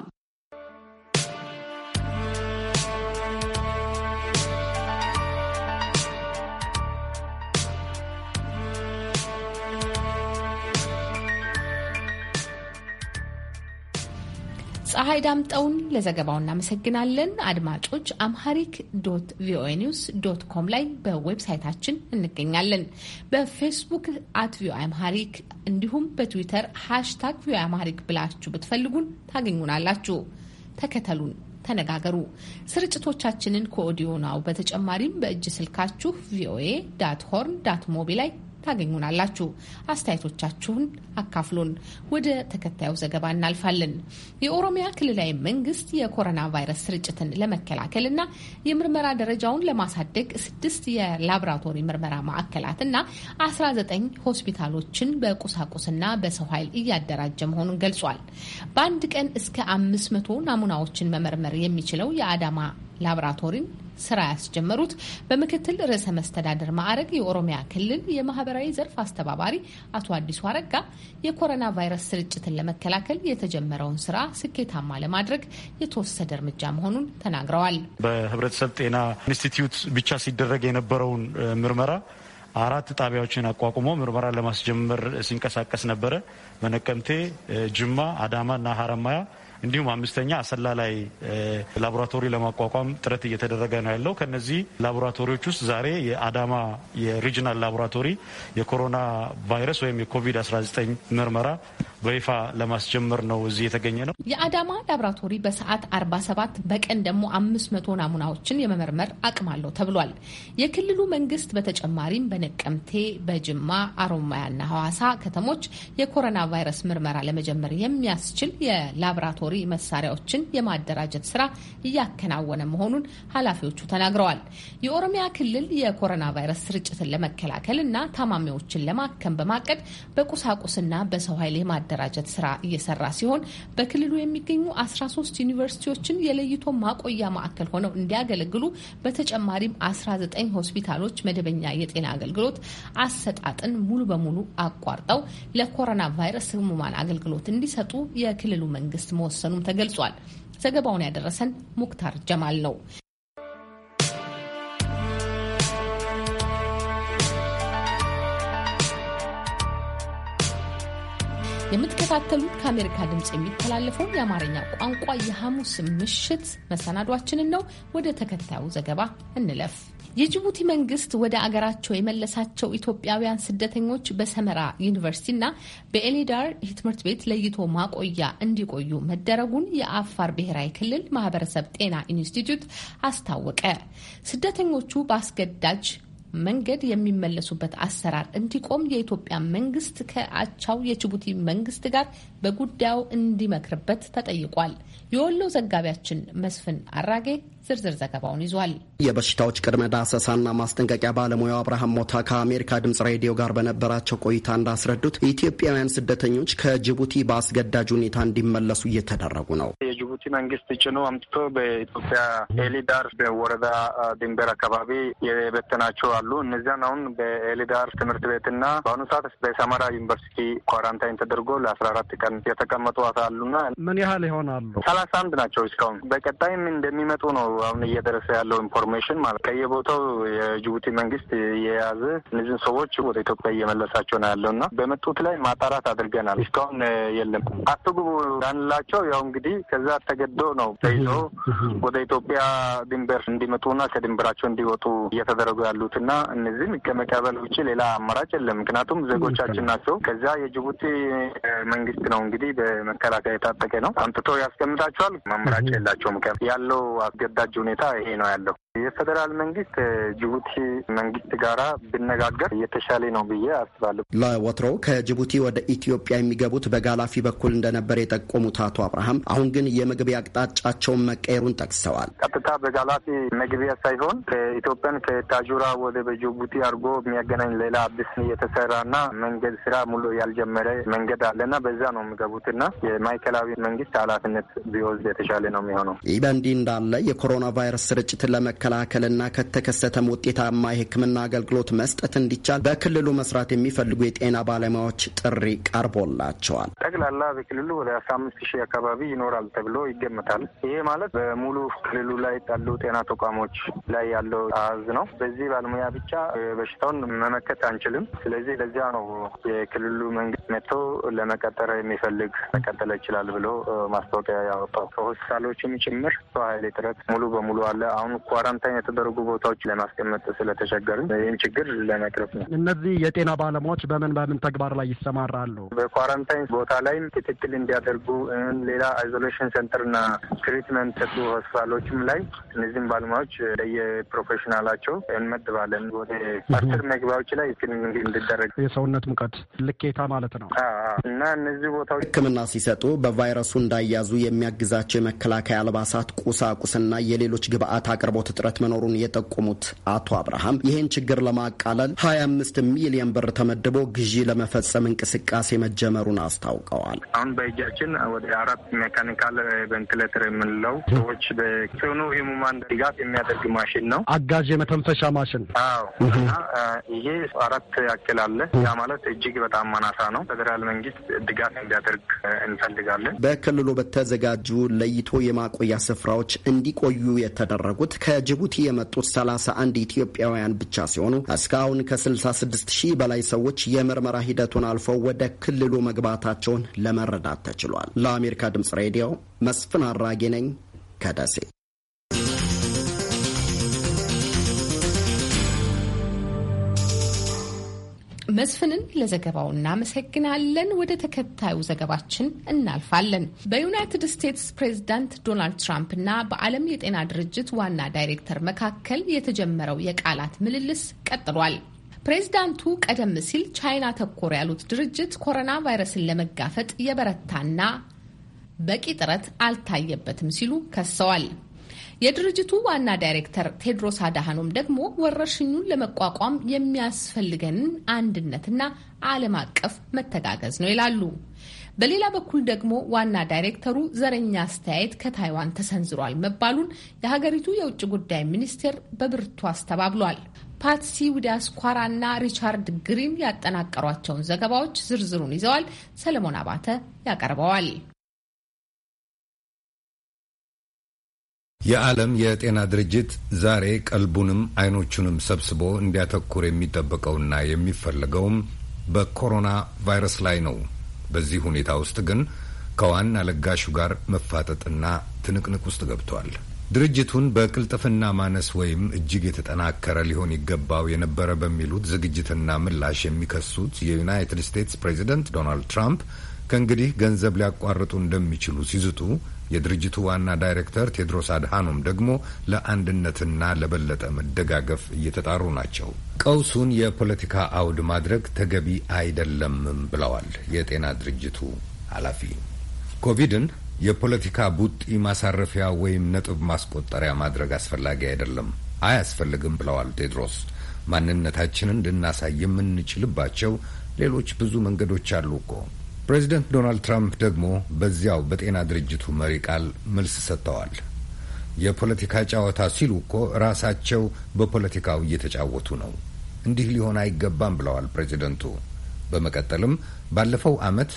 ፀሐይ ዳምጠውን ለዘገባው እናመሰግናለን። አድማጮች አምሃሪክ ዶት ቪኦኤ ኒውስ ዶት ኮም ላይ በዌብሳይታችን እንገኛለን። በፌስቡክ አት ቪኦኤ አምሃሪክ እንዲሁም በትዊተር ሃሽታግ ቪኦኤ አምሃሪክ ብላችሁ ብትፈልጉን ታገኙናላችሁ። ተከተሉን፣ ተነጋገሩ። ስርጭቶቻችንን ከኦዲዮ ናው በተጨማሪም በእጅ ስልካችሁ ቪኦኤ ዳት ሆርን ዳት ሞቢ ላይ ታገኙናላችሁ። አስተያየቶቻችሁን አካፍሉን። ወደ ተከታዩ ዘገባ እናልፋለን። የኦሮሚያ ክልላዊ መንግስት የኮሮና ቫይረስ ስርጭትን ለመከላከልና የምርመራ ደረጃውን ለማሳደግ ስድስት የላቦራቶሪ ምርመራ ማዕከላትና 19 ሆስፒታሎችን በቁሳቁስና በሰው ኃይል እያደራጀ መሆኑን ገልጿል። በአንድ ቀን እስከ አምስት መቶ ናሙናዎችን መመርመር የሚችለው የአዳማ ላብራቶሪን ስራ ያስጀመሩት በምክትል ርዕሰ መስተዳድር ማዕረግ የኦሮሚያ ክልል የማህበራዊ ዘርፍ አስተባባሪ አቶ አዲሱ አረጋ የኮሮና ቫይረስ ስርጭትን ለመከላከል የተጀመረውን ስራ ስኬታማ ለማድረግ የተወሰደ እርምጃ መሆኑን ተናግረዋል። በህብረተሰብ ጤና ኢንስቲትዩት ብቻ ሲደረግ የነበረውን ምርመራ አራት ጣቢያዎችን አቋቁሞ ምርመራ ለማስጀመር ሲንቀሳቀስ ነበረ። በነቀምቴ፣ ጅማ፣ አዳማ እና ሀረማያ እንዲሁም አምስተኛ አሰላ ላይ ላቦራቶሪ ለማቋቋም ጥረት እየተደረገ ነው ያለው። ከነዚህ ላቦራቶሪዎች ውስጥ ዛሬ የአዳማ የሪጅናል ላቦራቶሪ የኮሮና ቫይረስ ወይም የኮቪድ-19 ምርመራ በይፋ ለማስጀመር ነው እዚህ የተገኘ ነው። የአዳማ ላብራቶሪ በሰዓት 47 በቀን ደግሞ 500 ናሙናዎችን የመመርመር አቅም አለው ተብሏል። የክልሉ መንግስት በተጨማሪም በነቀምቴ፣ በጅማ፣ አሮማያና ሐዋሳ ከተሞች የኮሮና ቫይረስ ምርመራ ለመጀመር የሚያስችል የላብራቶሪ መሳሪያዎችን የማደራጀት ስራ እያከናወነ መሆኑን ኃላፊዎቹ ተናግረዋል። የኦሮሚያ ክልል የኮሮና ቫይረስ ስርጭትን ለመከላከል እና ታማሚዎችን ለማከም በማቀድ በቁሳቁስና በሰው ኃይል የማ የማደራጀት ስራ እየሰራ ሲሆን በክልሉ የሚገኙ 13 ዩኒቨርሲቲዎችን የለይቶ ማቆያ ማዕከል ሆነው እንዲያገለግሉ በተጨማሪም 19 ሆስፒታሎች መደበኛ የጤና አገልግሎት አሰጣጥን ሙሉ በሙሉ አቋርጠው ለኮሮና ቫይረስ ህሙማን አገልግሎት እንዲሰጡ የክልሉ መንግስት መወሰኑም ተገልጿል። ዘገባውን ያደረሰን ሙክታር ጀማል ነው። የተከታተሉት ከአሜሪካ ድምፅ የሚተላለፈውን የአማርኛ ቋንቋ የሐሙስ ምሽት መሰናዷችንን ነው። ወደ ተከታዩ ዘገባ እንለፍ። የጅቡቲ መንግስት ወደ አገራቸው የመለሳቸው ኢትዮጵያውያን ስደተኞች በሰመራ ዩኒቨርሲቲና በኤሌዳር ትምህርት ቤት ለይቶ ማቆያ እንዲቆዩ መደረጉን የአፋር ብሔራዊ ክልል ማህበረሰብ ጤና ኢንስቲትዩት አስታወቀ። ስደተኞቹ በአስገዳጅ መንገድ የሚመለሱበት አሰራር እንዲቆም የኢትዮጵያ መንግስት ከአቻው የጅቡቲ መንግስት ጋር በጉዳዩ እንዲመክርበት ተጠይቋል። የወሎ ዘጋቢያችን መስፍን አራጌ ዝርዝር ዘገባውን ይዟል። የበሽታዎች ቅድመ ዳሰሳና ማስጠንቀቂያ ባለሙያው አብርሃም ሞታ ከአሜሪካ ድምጽ ሬዲዮ ጋር በነበራቸው ቆይታ እንዳስረዱት ኢትዮጵያውያን ስደተኞች ከጅቡቲ በአስገዳጅ ሁኔታ እንዲመለሱ እየተደረጉ ነው። የጅቡቲ መንግስት ጭኖ አምጥቶ በኢትዮጵያ ኤሊዳር በወረዳ ድንበር አካባቢ የበተናቸው አሉ። እነዚያን አሁን በኤሊዳር ትምህርት ቤትና በአሁኑ ሰዓት በሰመራ ዩኒቨርሲቲ ኳራንታይን ተደርጎ ለአስራ አራት ቀን የተቀመጡ አሉና ምን ያህል ይሆናሉ? ሰላሳ አንድ ናቸው እስካሁን። በቀጣይም እንደሚመጡ ነው አሁን እየደረሰ ያለው ኢንፎርሜሽን ማለት ከየቦታው የጅቡቲ መንግስት የያዘ እነዚህን ሰዎች ወደ ኢትዮጵያ እየመለሳቸው ነው ያለው እና በመጡት ላይ ማጣራት አድርገናል። እስካሁን የለም አትግቡ ዳንላቸው ያው እንግዲህ ከዛ ተገዶ ነው ተይዞ ወደ ኢትዮጵያ ድንበር እንዲመጡና ከድንበራቸው እንዲወጡ እየተደረጉ ያሉትና እነዚህም ከመቀበል ውጭ ሌላ አማራጭ የለም። ምክንያቱም ዜጎቻችን ናቸው። ከዛ የጅቡቲ መንግስት ነው እንግዲህ በመከላከያ የታጠቀ ነው አምጥቶ ያስቀምጣል አይታችኋል። መምራጭ የላቸውም። ያለው አስገዳጅ ሁኔታ ይሄ ነው ያለው። የፌዴራል መንግስት ጅቡቲ መንግስት ጋራ ብነጋገር የተሻለ ነው ብዬ አስባለሁ። ለወትሮው ከጅቡቲ ወደ ኢትዮጵያ የሚገቡት በጋላፊ በኩል እንደነበር የጠቆሙት አቶ አብርሃም አሁን ግን የመግቢያ አቅጣጫቸውን መቀየሩን ጠቅሰዋል። ቀጥታ በጋላፊ መግቢያ ሳይሆን ከኢትዮጵያን ከታጁራ ወደ በጅቡቲ አድርጎ የሚያገናኝ ሌላ አዲስ የተሰራና መንገድ ስራ ሙሉ ያልጀመረ መንገድ አለና በዛ ነው የሚገቡትና የማዕከላዊ መንግስት ኃላፊነት ቢወስድ የተሻለ ነው የሚሆነው። ይህ በእንዲህ እንዳለ የኮሮና ቫይረስ ስርጭትን ለመከ መከላከልና ከተከሰተም ውጤታማ የሕክምና አገልግሎት መስጠት እንዲቻል በክልሉ መስራት የሚፈልጉ የጤና ባለሙያዎች ጥሪ ቀርቦላቸዋል። ጠቅላላ በክልሉ ወደ አስራ አምስት ሺህ አካባቢ ይኖራል ተብሎ ይገመታል። ይሄ ማለት በሙሉ ክልሉ ላይ ያሉ ጤና ተቋሞች ላይ ያለው አዝ ነው። በዚህ ባለሙያ ብቻ በሽታውን መመከት አንችልም። ስለዚህ ለዚያ ነው የክልሉ መንግስት መጥቶ ለመቀጠር የሚፈልግ መቀጠለ ይችላል ብሎ ማስታወቂያ ያወጣው። ከሆስፒታሎችም ጭምር ሰው ኃይል እጥረት ሙሉ በሙሉ አለ። አሁን ኳራን ኳራንታይን የተደረጉ ቦታዎች ለማስቀመጥ ስለተቸገርን ይህን ችግር ለመቅረፍ ነው። እነዚህ የጤና ባለሙያዎች በምን በምን ተግባር ላይ ይሰማራሉ? በኳራንታይን ቦታ ላይም ክትትል እንዲያደርጉ ሌላ አይዞሌሽን ሴንተርና ትሪትመንት ሰጡ ሆስፒታሎችም ላይ እነዚህም ባለሙያዎች ለየፕሮፌሽናላቸው እንመድባለን። ወደ አስር መግቢያዎች ላይ እንዲደረግ የሰውነት ሙቀት ልኬታ ማለት ነው እና እነዚህ ቦታዎች ሕክምና ሲሰጡ በቫይረሱ እንዳያዙ የሚያግዛቸው የመከላከያ አልባሳት፣ ቁሳቁስና የሌሎች ግብአት አቅርቦት እጥረት እጥረት መኖሩን የጠቆሙት አቶ አብርሃም ይህን ችግር ለማቃለል 25 ሚሊዮን ብር ተመድቦ ግዢ ለመፈጸም እንቅስቃሴ መጀመሩን አስታውቀዋል። አሁን በእጃችን ወደ አራት ሜካኒካል ቬንትሌተር የምንለው ሰዎች በጽኑ ህሙማን ድጋፍ የሚያደርግ ማሽን ነው። አጋዥ የመተንፈሻ ማሽን። አዎ ይሄ አራት ያክል አለ። ያ ማለት እጅግ በጣም አናሳ ነው። ፌዴራል መንግስት ድጋፍ እንዲያደርግ እንፈልጋለን። በክልሉ በተዘጋጁ ለይቶ የማቆያ ስፍራዎች እንዲቆዩ የተደረጉት ከ ከጅቡቲ የመጡት 31 ኢትዮጵያውያን ብቻ ሲሆኑ እስካሁን ከ66 ሺህ በላይ ሰዎች የምርመራ ሂደቱን አልፈው ወደ ክልሉ መግባታቸውን ለመረዳት ተችሏል። ለአሜሪካ ድምጽ ሬዲዮ መስፍን አራጌ ነኝ ከደሴ። መስፍንን ለዘገባው እናመሰግናለን። ወደ ተከታዩ ዘገባችን እናልፋለን። በዩናይትድ ስቴትስ ፕሬዝዳንት ዶናልድ ትራምፕ እና በዓለም የጤና ድርጅት ዋና ዳይሬክተር መካከል የተጀመረው የቃላት ምልልስ ቀጥሏል። ፕሬዝዳንቱ ቀደም ሲል ቻይና ተኮር ያሉት ድርጅት ኮሮና ቫይረስን ለመጋፈጥ የበረታና በቂ ጥረት አልታየበትም ሲሉ ከሰዋል። የድርጅቱ ዋና ዳይሬክተር ቴድሮስ አድሃኖም ደግሞ ወረርሽኙን ለመቋቋም የሚያስፈልገንን አንድነትና ዓለም አቀፍ መተጋገዝ ነው ይላሉ። በሌላ በኩል ደግሞ ዋና ዳይሬክተሩ ዘረኛ አስተያየት ከታይዋን ተሰንዝሯል መባሉን የሀገሪቱ የውጭ ጉዳይ ሚኒስቴር በብርቱ አስተባብሏል። ፓትሲ ውዳስኳራ እና ሪቻርድ ግሪም ያጠናቀሯቸውን ዘገባዎች ዝርዝሩን ይዘዋል። ሰለሞን አባተ ያቀርበዋል። የዓለም የጤና ድርጅት ዛሬ ቀልቡንም አይኖቹንም ሰብስቦ እንዲያተኩር የሚጠበቀውና የሚፈለገውም በኮሮና ቫይረስ ላይ ነው። በዚህ ሁኔታ ውስጥ ግን ከዋና ለጋሹ ጋር መፋጠጥና ትንቅንቅ ውስጥ ገብቷል። ድርጅቱን በቅልጥፍና ማነስ ወይም እጅግ የተጠናከረ ሊሆን ይገባው የነበረ በሚሉት ዝግጅትና ምላሽ የሚከሱት የዩናይትድ ስቴትስ ፕሬዚደንት ዶናልድ ትራምፕ ከእንግዲህ ገንዘብ ሊያቋርጡ እንደሚችሉ ሲዝቱ የድርጅቱ ዋና ዳይሬክተር ቴድሮስ አድሃኖም ደግሞ ለአንድነትና ለበለጠ መደጋገፍ እየተጣሩ ናቸው። ቀውሱን የፖለቲካ አውድ ማድረግ ተገቢ አይደለምም ብለዋል የጤና ድርጅቱ ኃላፊ። ኮቪድን የፖለቲካ ቡጢ ማሳረፊያ ወይም ነጥብ ማስቆጠሪያ ማድረግ አስፈላጊ አይደለም፣ አያስፈልግም ብለዋል ቴድሮስ። ማንነታችንን ልናሳይ የምንችልባቸው ሌሎች ብዙ መንገዶች አሉ እኮ ፕሬዚደንት ዶናልድ ትራምፕ ደግሞ በዚያው በጤና ድርጅቱ መሪ ቃል መልስ ሰጥተዋል። የፖለቲካ ጨዋታ ሲሉ እኮ ራሳቸው በፖለቲካው እየተጫወቱ ነው። እንዲህ ሊሆን አይገባም ብለዋል ፕሬዚደንቱ። በመቀጠልም ባለፈው ዓመት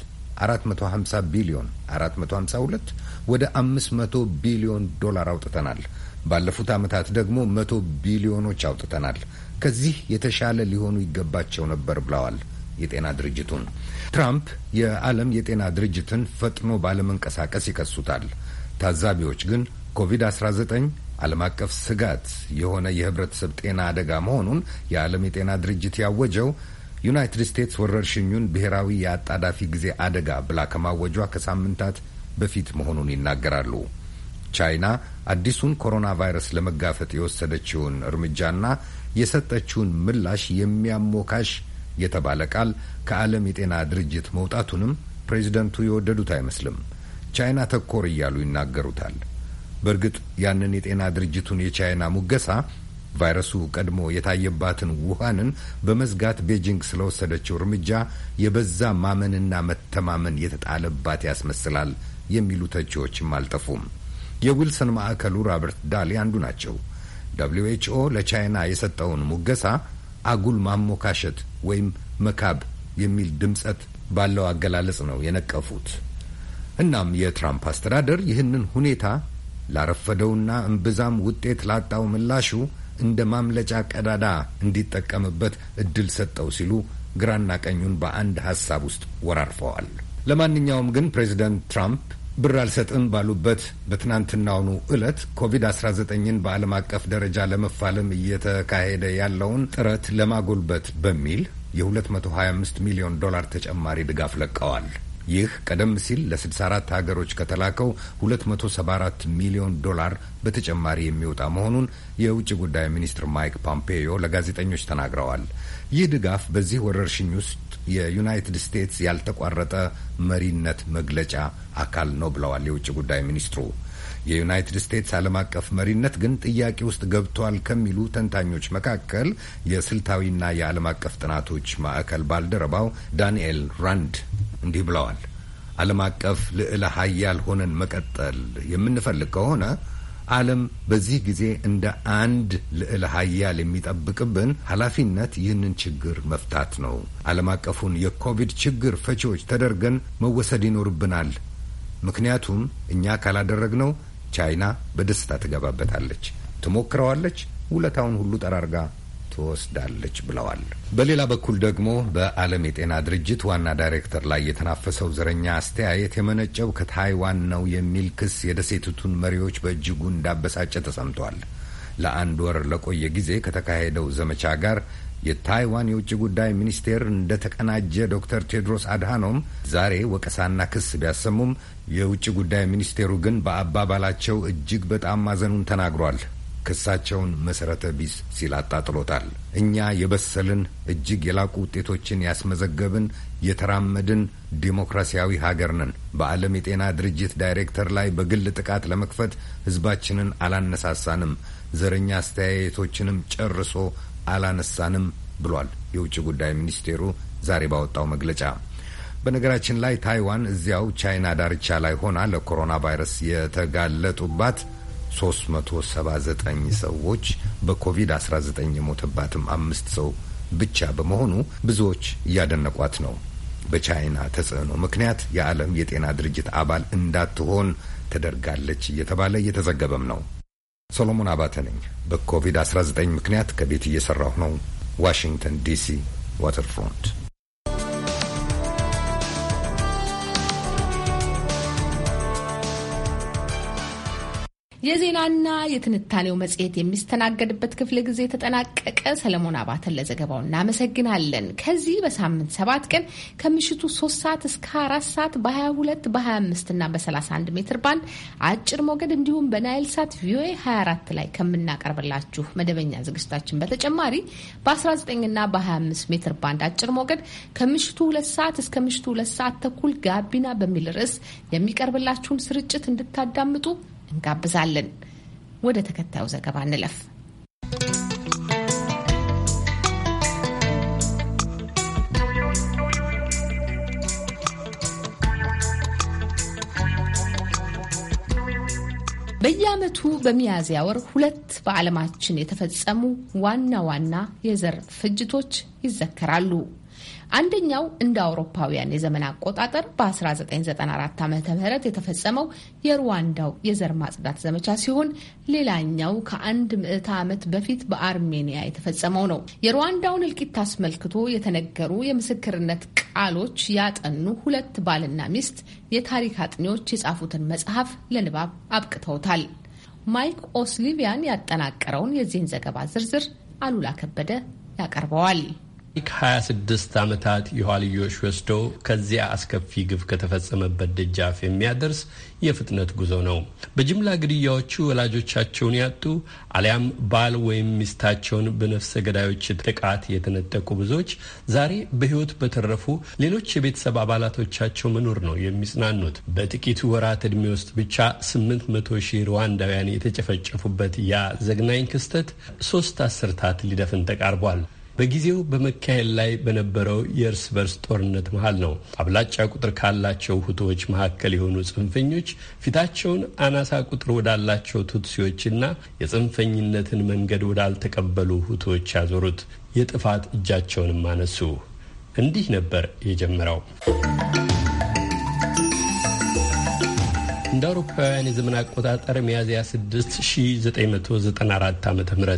450 ቢሊዮን 452 ወደ 500 ቢሊዮን ዶላር አውጥተናል። ባለፉት ዓመታት ደግሞ መቶ ቢሊዮኖች አውጥተናል። ከዚህ የተሻለ ሊሆኑ ይገባቸው ነበር ብለዋል የጤና ድርጅቱን። ትራምፕ የዓለም የጤና ድርጅትን ፈጥኖ ባለመንቀሳቀስ ይከሱታል። ታዛቢዎች ግን ኮቪድ-19 ዓለም አቀፍ ስጋት የሆነ የህብረተሰብ ጤና አደጋ መሆኑን የዓለም የጤና ድርጅት ያወጀው ዩናይትድ ስቴትስ ወረርሽኙን ብሔራዊ የአጣዳፊ ጊዜ አደጋ ብላ ከማወጇ ከሳምንታት በፊት መሆኑን ይናገራሉ። ቻይና አዲሱን ኮሮና ቫይረስ ለመጋፈጥ የወሰደችውን እርምጃና የሰጠችውን ምላሽ የሚያሞካሽ የተባለ ቃል ከዓለም የጤና ድርጅት መውጣቱንም ፕሬዚደንቱ የወደዱት አይመስልም። ቻይና ተኮር እያሉ ይናገሩታል። በእርግጥ ያንን የጤና ድርጅቱን የቻይና ሙገሳ ቫይረሱ ቀድሞ የታየባትን ውሃንን በመዝጋት ቤጂንግ ስለወሰደችው እርምጃ የበዛ ማመንና መተማመን የተጣለባት ያስመስላል የሚሉ ተቺዎችም አልጠፉም። የዊልሰን ማዕከሉ ሮበርት ዳሊ አንዱ ናቸው። ደብሊው ኤችኦ ለቻይና የሰጠውን ሙገሳ አጉል ማሞካሸት ወይም መካብ የሚል ድምጸት ባለው አገላለጽ ነው የነቀፉት። እናም የትራምፕ አስተዳደር ይህንን ሁኔታ ላረፈደውና እምብዛም ውጤት ላጣው ምላሹ እንደ ማምለጫ ቀዳዳ እንዲጠቀምበት እድል ሰጠው ሲሉ ግራና ቀኙን በአንድ ሀሳብ ውስጥ ወራርፈዋል። ለማንኛውም ግን ፕሬዚደንት ትራምፕ ብር አልሰጥም ባሉበት በትናንትናውኑ ዕለት ኮቪድ-19ን በዓለም አቀፍ ደረጃ ለመፋለም እየተካሄደ ያለውን ጥረት ለማጎልበት በሚል የ225 ሚሊዮን ዶላር ተጨማሪ ድጋፍ ለቀዋል። ይህ ቀደም ሲል ለ64 ሀገሮች ከተላከው 274 ሚሊዮን ዶላር በተጨማሪ የሚወጣ መሆኑን የውጭ ጉዳይ ሚኒስትር ማይክ ፖምፔዮ ለጋዜጠኞች ተናግረዋል። ይህ ድጋፍ በዚህ ወረርሽኝ ውስጥ የዩናይትድ ስቴትስ ያልተቋረጠ መሪነት መግለጫ አካል ነው ብለዋል የውጭ ጉዳይ ሚኒስትሩ። የዩናይትድ ስቴትስ ዓለም አቀፍ መሪነት ግን ጥያቄ ውስጥ ገብቷል ከሚሉ ተንታኞች መካከል የስልታዊና የዓለም አቀፍ ጥናቶች ማዕከል ባልደረባው ዳንኤል ራንድ እንዲህ ብለዋል። ዓለም አቀፍ ልዕለ ሀያል ሆነን መቀጠል የምንፈልግ ከሆነ ዓለም በዚህ ጊዜ እንደ አንድ ልዕለ ሀያል የሚጠብቅብን ኃላፊነት ይህንን ችግር መፍታት ነው። ዓለም አቀፉን የኮቪድ ችግር ፈቺዎች ተደርገን መወሰድ ይኖርብናል። ምክንያቱም እኛ ካላደረግነው ቻይና በደስታ ትገባበታለች፣ ትሞክረዋለች፣ ውለታውን ሁሉ ጠራርጋ ትወስዳለች ብለዋል። በሌላ በኩል ደግሞ በዓለም የጤና ድርጅት ዋና ዳይሬክተር ላይ የተናፈሰው ዘረኛ አስተያየት የመነጨው ከታይዋን ነው የሚል ክስ የደሴቲቱን መሪዎች በእጅጉ እንዳበሳጨ ተሰምቷል። ለአንድ ወር ለቆየ ጊዜ ከተካሄደው ዘመቻ ጋር የታይዋን የውጭ ጉዳይ ሚኒስቴር እንደተቀናጀ ዶክተር ቴድሮስ አድሃኖም ዛሬ ወቀሳና ክስ ቢያሰሙም የውጭ ጉዳይ ሚኒስቴሩ ግን በአባባላቸው እጅግ በጣም ማዘኑን ተናግሯል። ክሳቸውን መሰረተ ቢስ ሲል አጣጥሎታል። እኛ የበሰልን እጅግ የላቁ ውጤቶችን ያስመዘገብን የተራመድን ዴሞክራሲያዊ ሀገር ነን። በዓለም የጤና ድርጅት ዳይሬክተር ላይ በግል ጥቃት ለመክፈት ህዝባችንን አላነሳሳንም፣ ዘረኛ አስተያየቶችንም ጨርሶ አላነሳንም ብሏል የውጭ ጉዳይ ሚኒስቴሩ ዛሬ ባወጣው መግለጫ። በነገራችን ላይ ታይዋን እዚያው ቻይና ዳርቻ ላይ ሆና ለኮሮና ቫይረስ የተጋለጡባት 379 ሰዎች በኮቪድ-19 የሞተባትም አምስት ሰው ብቻ በመሆኑ ብዙዎች እያደነቋት ነው። በቻይና ተጽዕኖ ምክንያት የዓለም የጤና ድርጅት አባል እንዳትሆን ተደርጋለች እየተባለ እየተዘገበም ነው። ሰሎሞን አባተ ነኝ። በኮቪድ-19 ምክንያት ከቤት እየሰራሁ ነው። ዋሽንግተን ዲሲ ዋተርፍሮንት የዜናና የትንታኔው መጽሔት የሚስተናገድበት ክፍለ ጊዜ ተጠናቀቀ። ሰለሞን አባተን ለዘገባው እናመሰግናለን። ከዚህ በሳምንት ሰባት ቀን ከምሽቱ ሶስት ሰዓት እስከ አራት ሰዓት በ22 በ25 እና በ31 ሜትር ባንድ አጭር ሞገድ እንዲሁም በናይል ሳት ቪኦኤ 24 ላይ ከምናቀርብላችሁ መደበኛ ዝግጅታችን በተጨማሪ በ19 ና በ25 ሜትር ባንድ አጭር ሞገድ ከምሽቱ ሁለት ሰዓት እስከ ምሽቱ ሁለት ሰዓት ተኩል ጋቢና በሚል ርዕስ የሚቀርብላችሁን ስርጭት እንድታዳምጡ እንጋብዛለን። ወደ ተከታዩ ዘገባ እንለፍ። በየዓመቱ በሚያዝያ ወር ሁለት በዓለማችን የተፈጸሙ ዋና ዋና የዘር ፍጅቶች ይዘከራሉ። አንደኛው እንደ አውሮፓውያን የዘመን አቆጣጠር በ1994 ዓ ም የተፈጸመው የሩዋንዳው የዘር ማጽዳት ዘመቻ ሲሆን ሌላኛው ከአንድ ምዕተ ዓመት በፊት በአርሜኒያ የተፈጸመው ነው። የሩዋንዳውን እልቂት አስመልክቶ የተነገሩ የምስክርነት ቃሎች ያጠኑ ሁለት ባልና ሚስት የታሪክ አጥኚዎች የጻፉትን መጽሐፍ ለንባብ አብቅተውታል። ማይክ ኦስሊቪያን ያጠናቀረውን የዚህን ዘገባ ዝርዝር አሉላ ከበደ ያቀርበዋል። 26 ዓመታት የኋልዮሽ ወስዶ ከዚያ አስከፊ ግፍ ከተፈጸመበት ደጃፍ የሚያደርስ የፍጥነት ጉዞ ነው። በጅምላ ግድያዎቹ ወላጆቻቸውን ያጡ አሊያም ባል ወይም ሚስታቸውን በነፍሰ ገዳዮች ጥቃት የተነጠቁ ብዙዎች ዛሬ በሕይወት በተረፉ ሌሎች የቤተሰብ አባላቶቻቸው መኖር ነው የሚጽናኑት። በጥቂቱ ወራት ዕድሜ ውስጥ ብቻ 800 ሺህ ሩዋንዳውያን የተጨፈጨፉበት ያ ዘግናኝ ክስተት ሶስት አስርታት ሊደፍን ተቃርቧል። በጊዜው በመካሄድ ላይ በነበረው የእርስ በርስ ጦርነት መሀል ነው አብላጫ ቁጥር ካላቸው ሁቶዎች መካከል የሆኑ ጽንፈኞች ፊታቸውን አናሳ ቁጥር ወዳላቸው ቱትሲዎችና የጽንፈኝነትን መንገድ ወዳልተቀበሉ ሁቶዎች ያዞሩት፣ የጥፋት እጃቸውንም አነሱ። እንዲህ ነበር የጀመረው። እንደ አውሮፓውያን የዘመን አቆጣጠር ሚያዝያ 6 1994 ዓ ም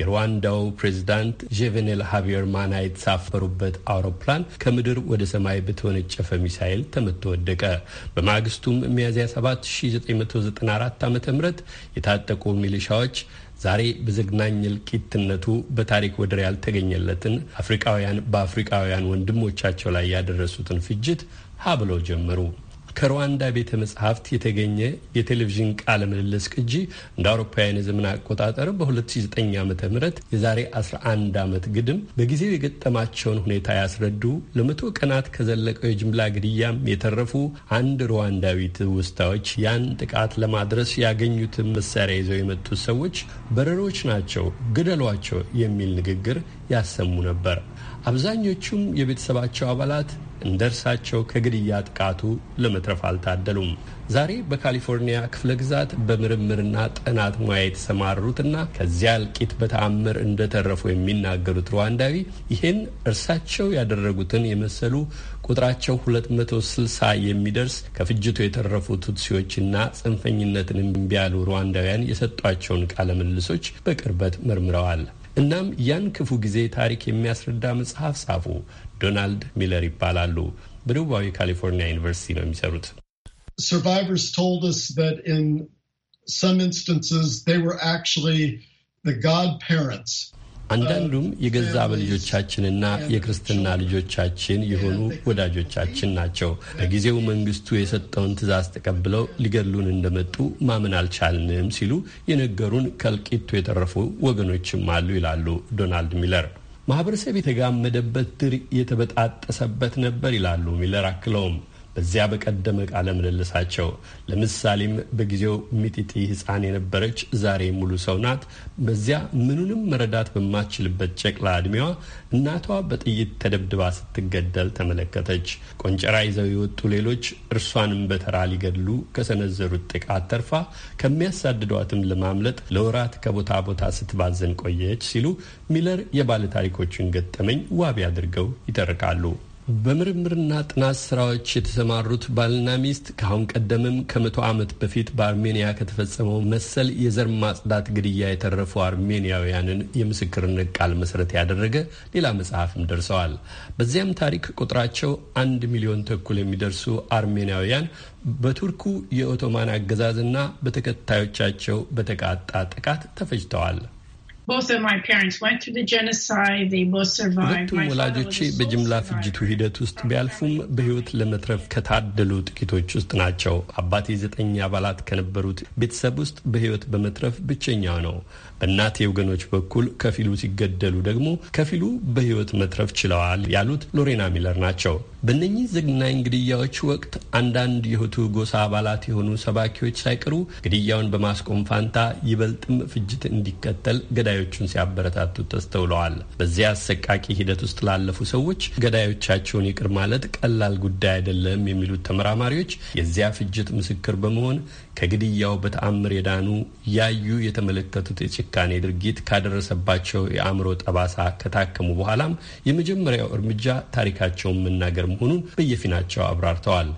የሩዋንዳው ፕሬዚዳንት ዤቬኔል ሃቪየር ማና የተሳፈሩበት አውሮፕላን ከምድር ወደ ሰማይ በተወነጨፈ ሚሳይል ተመቶ ወደቀ። በማግስቱም ሚያዝያ 7 1994 ዓ ም የታጠቁ ሚሊሻዎች ዛሬ በዘግናኝ እልቂትነቱ በታሪክ ወደር ያልተገኘለትን አፍሪቃውያን በአፍሪቃውያን ወንድሞቻቸው ላይ ያደረሱትን ፍጅት ሀብለው ጀመሩ። ከሩዋንዳ ቤተ መጽሐፍት የተገኘ የቴሌቪዥን ቃለ ምልልስ ቅጂ እንደ አውሮፓውያን የዘመን አቆጣጠር በ2009 ዓ ም የዛሬ 11 ዓመት ግድም በጊዜው የገጠማቸውን ሁኔታ ያስረዱ ለመቶ ቀናት ከዘለቀው የጅምላ ግድያም የተረፉ አንድ ሩዋንዳዊ ትውስታዎች ያን ጥቃት ለማድረስ ያገኙትን መሳሪያ ይዘው የመጡት ሰዎች በረሮች ናቸው፣ ግደሏቸው የሚል ንግግር ያሰሙ ነበር። አብዛኞቹም የቤተሰባቸው አባላት እንደ እርሳቸው ከግድያ ጥቃቱ ለመትረፍ አልታደሉም። ዛሬ በካሊፎርኒያ ክፍለ ግዛት በምርምርና ጥናት ሙያ የተሰማሩትና ከዚያ እልቂት በተአምር እንደተረፉ የሚናገሩት ሩዋንዳዊ ይህን እርሳቸው ያደረጉትን የመሰሉ ቁጥራቸው 260 የሚደርስ ከፍጅቱ የተረፉ ቱትሲዎችና ጽንፈኝነትን እምቢ ያሉ ሩዋንዳውያን የሰጧቸውን ቃለ ምልልሶች በቅርበት መርምረዋል። እናም ያን ክፉ ጊዜ ታሪክ የሚያስረዳ መጽሐፍ ጻፉ። ዶናልድ ሚለር ይባላሉ። በደቡባዊ ካሊፎርኒያ ዩኒቨርሲቲ ነው የሚሰሩት። survivors told us that in some instances they were actually the godparents. አንዳንዱም የገዛ በልጆቻችንና የክርስትና ልጆቻችን የሆኑ ወዳጆቻችን ናቸው። በጊዜው መንግስቱ የሰጠውን ትዕዛዝ ተቀብለው ሊገሉን እንደመጡ ማመን አልቻልንም ሲሉ የነገሩን ከእልቂቱ የተረፉ ወገኖችም አሉ ይላሉ ዶናልድ ሚለር። ማህበረሰብ የተጋመደበት ድር የተበጣጠሰበት ነበር ይላሉ ሚለር አክለውም በዚያ በቀደመ ቃለ ምልልሳቸው ለምሳሌም በጊዜው ሚጢጢ ሕፃን የነበረች ዛሬ ሙሉ ሰው ናት። በዚያ ምኑንም መረዳት በማትችልበት ጨቅላ ዕድሜዋ እናቷ በጥይት ተደብድባ ስትገደል ተመለከተች። ቆንጨራ ይዘው የወጡ ሌሎች እርሷንም በተራ ሊገድሉ ከሰነዘሩት ጥቃት ተርፋ ከሚያሳድዷትም ለማምለጥ ለወራት ከቦታ ቦታ ስትባዘን ቆየች ሲሉ ሚለር የባለታሪኮችን ገጠመኝ ዋቢ አድርገው ይተርካሉ። በምርምርና ጥናት ስራዎች የተሰማሩት ባልና ሚስት ከአሁን ቀደምም ከመቶ ዓመት በፊት በአርሜኒያ ከተፈጸመው መሰል የዘር ማጽዳት ግድያ የተረፉ አርሜንያውያንን የምስክርነት ቃል መሰረት ያደረገ ሌላ መጽሐፍም ደርሰዋል። በዚያም ታሪክ ቁጥራቸው አንድ ሚሊዮን ተኩል የሚደርሱ አርሜንያውያን በቱርኩ የኦቶማን አገዛዝና በተከታዮቻቸው በተቃጣ ጥቃት ተፈጅተዋል። ሁለቱም ወላጆቼ በጅምላ ፍጅቱ ሂደት ውስጥ ቢያልፉም በሕይወት ለመትረፍ ከታደሉ ጥቂቶች ውስጥ ናቸው። አባቴ ዘጠኝ አባላት ከነበሩት ቤተሰብ ውስጥ በሕይወት በመትረፍ ብቸኛው ነው። በእናቴ ወገኖች በኩል ከፊሉ ሲገደሉ ደግሞ ከፊሉ በሕይወት መትረፍ ችለዋል ያሉት ሎሬና ሚለር ናቸው። በእነኚህ ዘግናኝ ግድያዎች ወቅት አንዳንድ የሁቱ ጎሳ አባላት የሆኑ ሰባኪዎች ሳይቀሩ ግድያውን በማስቆም ፋንታ ይበልጥም ፍጅት እንዲከተል ገዳዮቹን ሲያበረታቱ ተስተውለዋል። በዚያ አሰቃቂ ሂደት ውስጥ ላለፉ ሰዎች ገዳዮቻቸውን ይቅር ማለት ቀላል ጉዳይ አይደለም የሚሉት ተመራማሪዎች የዚያ ፍጅት ምስክር በመሆን ከግድያው በተአምር የዳኑ ያዩ የተመለከቱት የጭካኔ ድርጊት ካደረሰባቸው የአእምሮ ጠባሳ ከታከሙ በኋላም የመጀመሪያው እርምጃ ታሪካቸውን መናገር መሆኑን በየፊናቸው አብራርተዋል።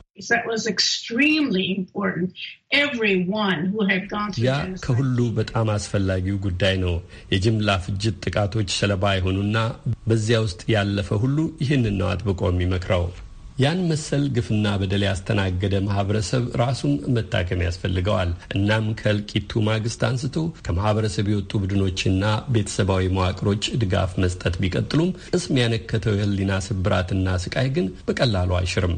ያ ከሁሉ በጣም አስፈላጊው ጉዳይ ነው። የጅምላ ፍጅት ጥቃቶች ሰለባ የሆኑና በዚያ ውስጥ ያለፈ ሁሉ ይህንን ነው አጥብቆ የሚመክረው። ያን መሰል ግፍና በደል ያስተናገደ ማህበረሰብ ራሱን መታከም ያስፈልገዋል። እናም ከእልቂቱ ማግስት አንስቶ ከማህበረሰብ የወጡ ቡድኖችና ቤተሰባዊ መዋቅሮች ድጋፍ መስጠት ቢቀጥሉም እስም ያነከተው የህሊና ስብራትና ስቃይ ግን በቀላሉ አይሽርም።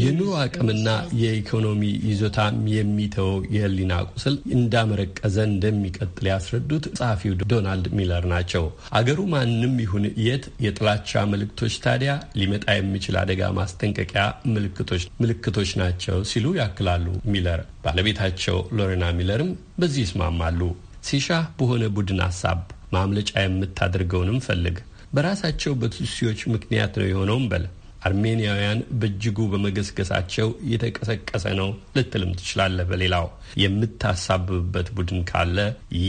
የኑሮ አቅምና የኢኮኖሚ ይዞታም የሚተው የህሊና ቁስል እንዳመረቀዘ እንደሚቀጥል ያስረዱት ጸሐፊው ዶናልድ ሚለር ናቸው። አገሩ ማንም ይሁን የት የጥላቻ ምልክቶች ታዲያ ሊመጣ የሚችል አደጋ ማስጠንቀቂያ ምልክቶች ናቸው ሲሉ ያክላሉ ሚለር። ባለቤታቸው ሎሬና ሚለርም በዚህ ይስማማሉ። ሲሻህ በሆነ ቡድን አሳብ ማምለጫ የምታደርገውንም ፈልግ፣ በራሳቸው በቱሲዎች ምክንያት ነው የሆነውም በል አርሜኒያውያን በእጅጉ በመገስገሳቸው የተቀሰቀሰ ነው ልትልም ትችላለህ። በሌላው የምታሳብብበት ቡድን ካለ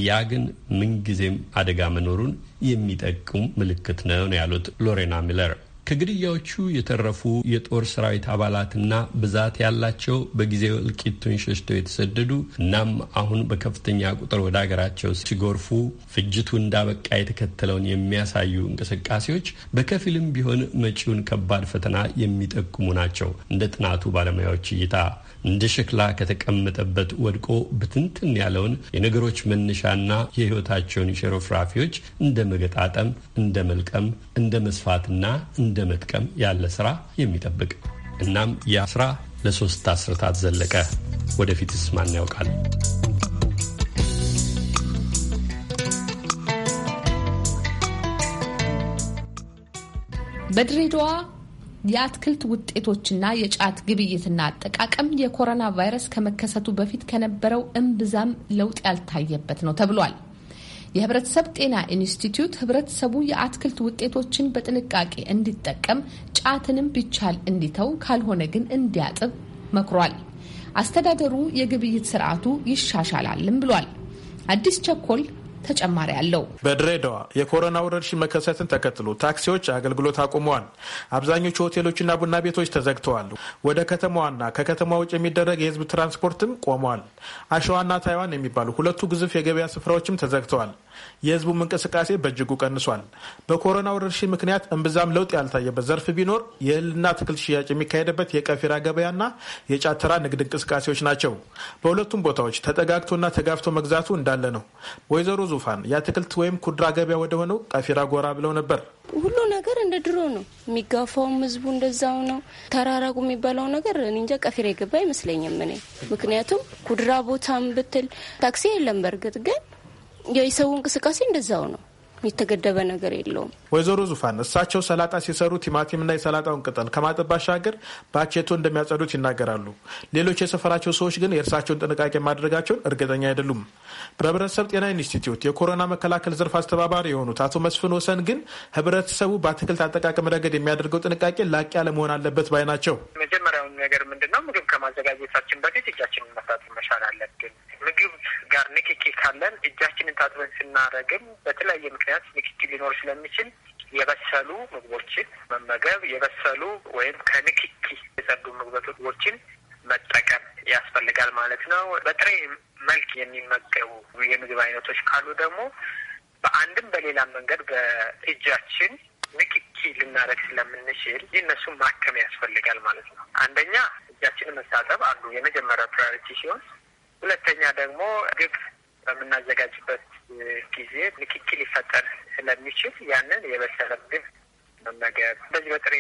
ያ ግን ምንጊዜም አደጋ መኖሩን የሚጠቁም ምልክት ነው ነው ያሉት ሎሬና ሚለር ከግድያዎቹ የተረፉ የጦር ሰራዊት አባላትና ብዛት ያላቸው በጊዜው እልቂቱን ሸሽተው የተሰደዱ እናም አሁን በከፍተኛ ቁጥር ወደ ሀገራቸው ሲጎርፉ ፍጅቱ እንዳበቃ የተከተለውን የሚያሳዩ እንቅስቃሴዎች በከፊልም ቢሆን መጪውን ከባድ ፈተና የሚጠቁሙ ናቸው እንደ ጥናቱ ባለሙያዎች እይታ። እንደ ሸክላ ከተቀመጠበት ወድቆ ብትንትን ያለውን የነገሮች መነሻና የሕይወታቸውን ሽርፍራፊዎች እንደ መገጣጠም፣ እንደ መልቀም፣ እንደ መስፋትና እንደ መጥቀም ያለ ስራ የሚጠብቅ እናም ያ ስራ ለሶስት አስርታት ዘለቀ። ወደፊትስ ማን ያውቃል? በድሬዳዋ የአትክልት ውጤቶችና የጫት ግብይትና አጠቃቀም የኮሮና ቫይረስ ከመከሰቱ በፊት ከነበረው እምብዛም ለውጥ ያልታየበት ነው ተብሏል። የህብረተሰብ ጤና ኢንስቲትዩት ህብረተሰቡ የአትክልት ውጤቶችን በጥንቃቄ እንዲጠቀም ጫትንም ቢቻል እንዲተው ካልሆነ ግን እንዲያጥብ መክሯል። አስተዳደሩ የግብይት ስርዓቱ ይሻሻላልም ብሏል። አዲስ ቸኮል ተጨማሪ አለው። በድሬዳዋ የኮሮና ወረርሽኝ መከሰትን ተከትሎ ታክሲዎች አገልግሎት አቁመዋል። አብዛኞቹ ሆቴሎችና ቡና ቤቶች ተዘግተዋል። ወደ ከተማዋና ከከተማ ውጭ የሚደረግ የህዝብ ትራንስፖርትም ቆመዋል። አሸዋና ታይዋን የሚባሉ ሁለቱ ግዙፍ የገበያ ስፍራዎችም ተዘግተዋል። የህዝቡም እንቅስቃሴ በእጅጉ ቀንሷል። በኮሮና ወረርሽኝ ምክንያት እምብዛም ለውጥ ያልታየበት ዘርፍ ቢኖር የእህልና አትክልት ሽያጭ የሚካሄድበት የቀፊራ ገበያና የጫተራ ንግድ እንቅስቃሴዎች ናቸው። በሁለቱም ቦታዎች ተጠጋግቶና ተጋፍቶ መግዛቱ እንዳለ ነው። ወይዘሮ ዙፋን የአትክልት ወይም ኩድራ ገበያ ወደሆነው ቀፊራ ጎራ ብለው ነበር። ሁሉ ነገር እንደ ድሮ ነው። የሚጋፋውም ህዝቡ እንደዛው ነው። ተራራቁ የሚባለው ነገር እንጃ ቀፊራ የገባ አይመስለኝም እኔ ምክንያቱም ኩድራ ቦታም ብትል ታክሲ የለም በእርግጥ ግን የሰው እንቅስቃሴ እንደዛው ነው። የተገደበ ነገር የለውም። ወይዘሮ ዙፋን እሳቸው ሰላጣ ሲሰሩ ቲማቲምና የሰላጣውን ቅጠል ከማጠብ ባሻገር በአቼቶ እንደሚያጸዱት ይናገራሉ። ሌሎች የሰፈራቸው ሰዎች ግን የእርሳቸውን ጥንቃቄ ማድረጋቸውን እርግጠኛ አይደሉም። በህብረተሰብ ጤና ኢንስቲትዩት የኮሮና መከላከል ዘርፍ አስተባባሪ የሆኑት አቶ መስፍን ወሰን ግን ህብረተሰቡ በአትክልት አጠቃቀም ረገድ የሚያደርገው ጥንቃቄ ላቅ ያለ መሆን አለበት ባይ ናቸው። መጀመሪያውን ነገር ምንድነው? ምግብ ከማዘጋጀታችን በፊት እጃችንን መታጠብ መቻል አለብን። ምግብ ጋር ንክኪ ካለን እጃችንን ታጥበን ስናረግም በተለያየ ምክንያት ንክኪ ሊኖር ስለሚችል የበሰሉ ምግቦችን መመገብ፣ የበሰሉ ወይም ከንክኪ የጸዱ ምግቦችን መጠቀም ያስፈልጋል ማለት ነው። በጥሬ መልክ የሚመገቡ የምግብ አይነቶች ካሉ ደግሞ በአንድም በሌላ መንገድ በእጃችን ንክኪ ልናደርግ ስለምንችል እነሱን ማከም ያስፈልጋል ማለት ነው። አንደኛ እጃችንን መታጠብ አንዱ የመጀመሪያ ፕራዮሪቲ ሲሆን ሁለተኛ ደግሞ ግብ በምናዘጋጅበት ጊዜ ንክኪ ሊፈጠር ስለሚችል ያንን የበሰለ ምግብ መመገብ በዚህ በጥሬ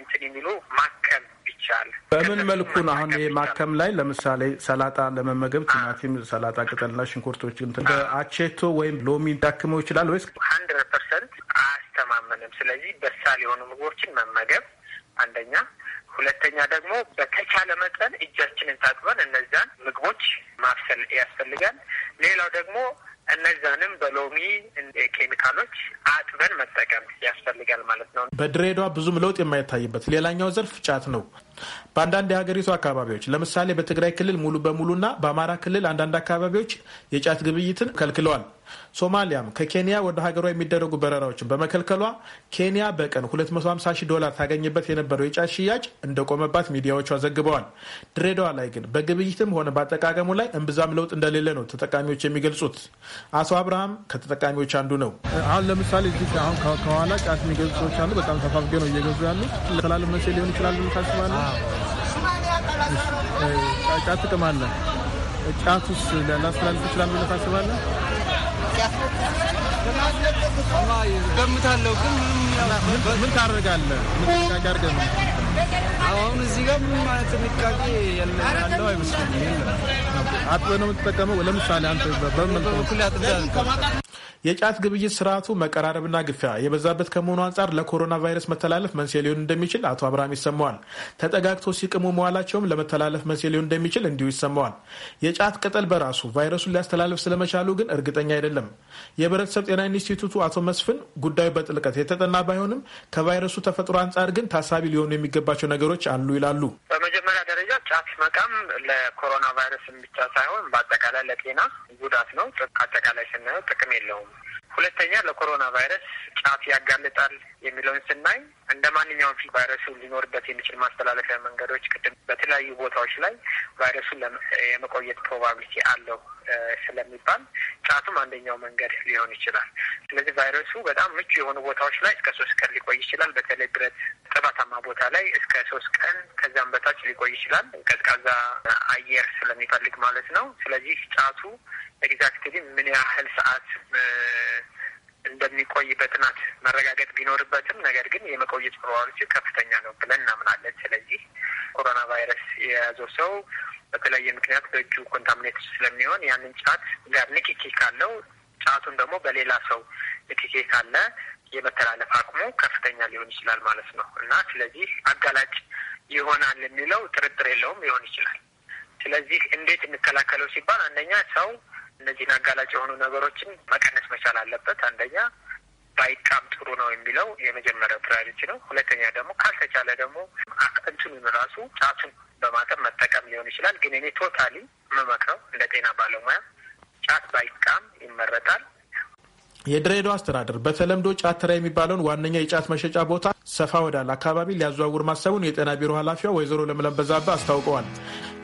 እንትን የሚሉ ማከም ይቻል። በምን መልኩ ነው አሁን ይሄ ማከም ላይ ለምሳሌ ሰላጣ ለመመገብ ቲማቲም፣ ሰላጣ ቅጠልና ሽንኩርቶች በአቼቶ ወይም ሎሚ ሊዳክመው ይችላል ወይስ ሀንድረድ ፐርሰንት አያስተማመንም። ስለዚህ በሳል የሆኑ ምግቦችን መመገብ አንደኛ ሁለተኛ ደግሞ በተቻለ መጠን እጃችንን ታጥበን እነዛን ምግቦች ማብሰል ያስፈልጋል። ሌላው ደግሞ እነዛንም በሎሚ ኬሚካሎች አጥበን መጠቀም ያስፈልጋል ማለት ነው። በድሬዳዋ ብዙም ለውጥ የማይታይበት ሌላኛው ዘርፍ ጫት ነው። በአንዳንድ የሀገሪቱ አካባቢዎች ለምሳሌ በትግራይ ክልል ሙሉ በሙሉና በአማራ ክልል አንዳንድ አካባቢዎች የጫት ግብይትን ከልክለዋል። ሶማሊያም ከኬንያ ወደ ሀገሯ የሚደረጉ በረራዎችን በመከልከሏ ኬንያ በቀን 250 ሺህ ዶላር ታገኝበት የነበረው የጫት ሽያጭ እንደቆመባት ሚዲያዎቿ ዘግበዋል። ድሬዳዋ ላይ ግን በግብይትም ሆነ በአጠቃቀሙ ላይ እምብዛም ለውጥ እንደሌለ ነው ተጠቃሚዎች የሚገልጹት። አቶ አብርሃም ከተጠቃሚዎች አንዱ ነው። አሁን ለምሳሌ እዚህ አሁን ከኋላ ጫት የሚገዙ ሰዎች አሉ። በጣም ተፋፍገ ነው እየገዙ ያሉ ለተላለ መቼ ሊሆን ይችላል ታስባለ ጫት ጥቅም አለ። ጫት ውስጥ ላስተላልፍ ይችላል ታስባለ? ገምታለሁ። ግን ምን ታደርጋለህ? ጥንቃቄ አድርገህ አሁን እዚህ ጋር ምን ማለት ጥንቃቄ ያለው አይመስለኝም። አጥበህ ነው የምትጠቀመው። ለምሳሌ አንተ በምን በኩል የጫት ግብይት ስርዓቱ መቀራረብና ግፊያ የበዛበት ከመሆኑ አንጻር ለኮሮና ቫይረስ መተላለፍ መንስኤ ሊሆን እንደሚችል አቶ አብርሃም ይሰማዋል። ተጠጋግቶ ሲቅሙ መዋላቸውም ለመተላለፍ መንስኤ ሊሆን እንደሚችል እንዲሁ ይሰማዋል። የጫት ቅጠል በራሱ ቫይረሱን ሊያስተላልፍ ስለመቻሉ ግን እርግጠኛ አይደለም። የህብረተሰብ ጤና ኢንስቲትዩቱ አቶ መስፍን ጉዳዩ በጥልቀት የተጠና ባይሆንም ከቫይረሱ ተፈጥሮ አንጻር ግን ታሳቢ ሊሆኑ የሚገባቸው ነገሮች አሉ ይላሉ። በመጀመሪያ ደረጃ ጫት መቃም ለኮሮና ቫይረስ ብቻ ሳይሆን በአጠቃላይ ለጤና ጉዳት ነው። አጠቃላይ ስናየው ጥቅም የለውም። ሁለተኛ ለኮሮና ቫይረስ ጫት ያጋልጣል። የሚለውን ስናይ እንደ ማንኛውም ፊት ቫይረሱ ሊኖርበት የሚችል ማስተላለፊያ መንገዶች ቅድም በተለያዩ ቦታዎች ላይ ቫይረሱ የመቆየት ፕሮባብሊቲ አለው ስለሚባል ጫቱም አንደኛው መንገድ ሊሆን ይችላል። ስለዚህ ቫይረሱ በጣም ምቹ የሆኑ ቦታዎች ላይ እስከ ሶስት ቀን ሊቆይ ይችላል። በተለይ ብረት ጥባታማ ቦታ ላይ እስከ ሶስት ቀን ከዛም በታች ሊቆይ ይችላል። ቀዝቃዛ አየር ስለሚፈልግ ማለት ነው። ስለዚህ ጫቱ ኤግዛክትሊ ምን ያህል ሰዓት እንደሚቆይ በጥናት መረጋገጥ ቢኖርበትም ነገር ግን የመቆየት ፕሮባቢሊቲ ከፍተኛ ነው ብለን እናምናለን። ስለዚህ ኮሮና ቫይረስ የያዘው ሰው በተለያየ ምክንያት በእጁ ኮንታሚኔት ስለሚሆን ያንን ጫት ጋር ንክኪ ካለው ጫቱን ደግሞ በሌላ ሰው ንክኪ ካለ የመተላለፍ አቅሙ ከፍተኛ ሊሆን ይችላል ማለት ነው እና ስለዚህ አጋላጭ ይሆናል የሚለው ጥርጥር የለውም ሊሆን ይችላል። ስለዚህ እንዴት እንከላከለው ሲባል አንደኛ ሰው እነዚህን አጋላጭ የሆኑ ነገሮችን መቀነስ መቻል አለበት። አንደኛ ባይቃም ጥሩ ነው የሚለው የመጀመሪያ ፕራዮሪቲ ነው። ሁለተኛ ደግሞ ካልተቻለ ደግሞ እንትኑን ራሱ ጫቱን በማጠብ መጠቀም ሊሆን ይችላል። ግን እኔ ቶታሊ የምመክረው እንደ ጤና ባለሙያ ጫት ባይቃም ይመረጣል። የድሬዳዋ አስተዳደር በተለምዶ ጫት የሚባለውን ዋነኛ የጫት መሸጫ ቦታ ሰፋ ወዳለ አካባቢ ሊያዘዋውር ማሰቡን የጤና ቢሮ ኃላፊዋ ወይዘሮ ለምለም በዛብህ አስታውቀዋል።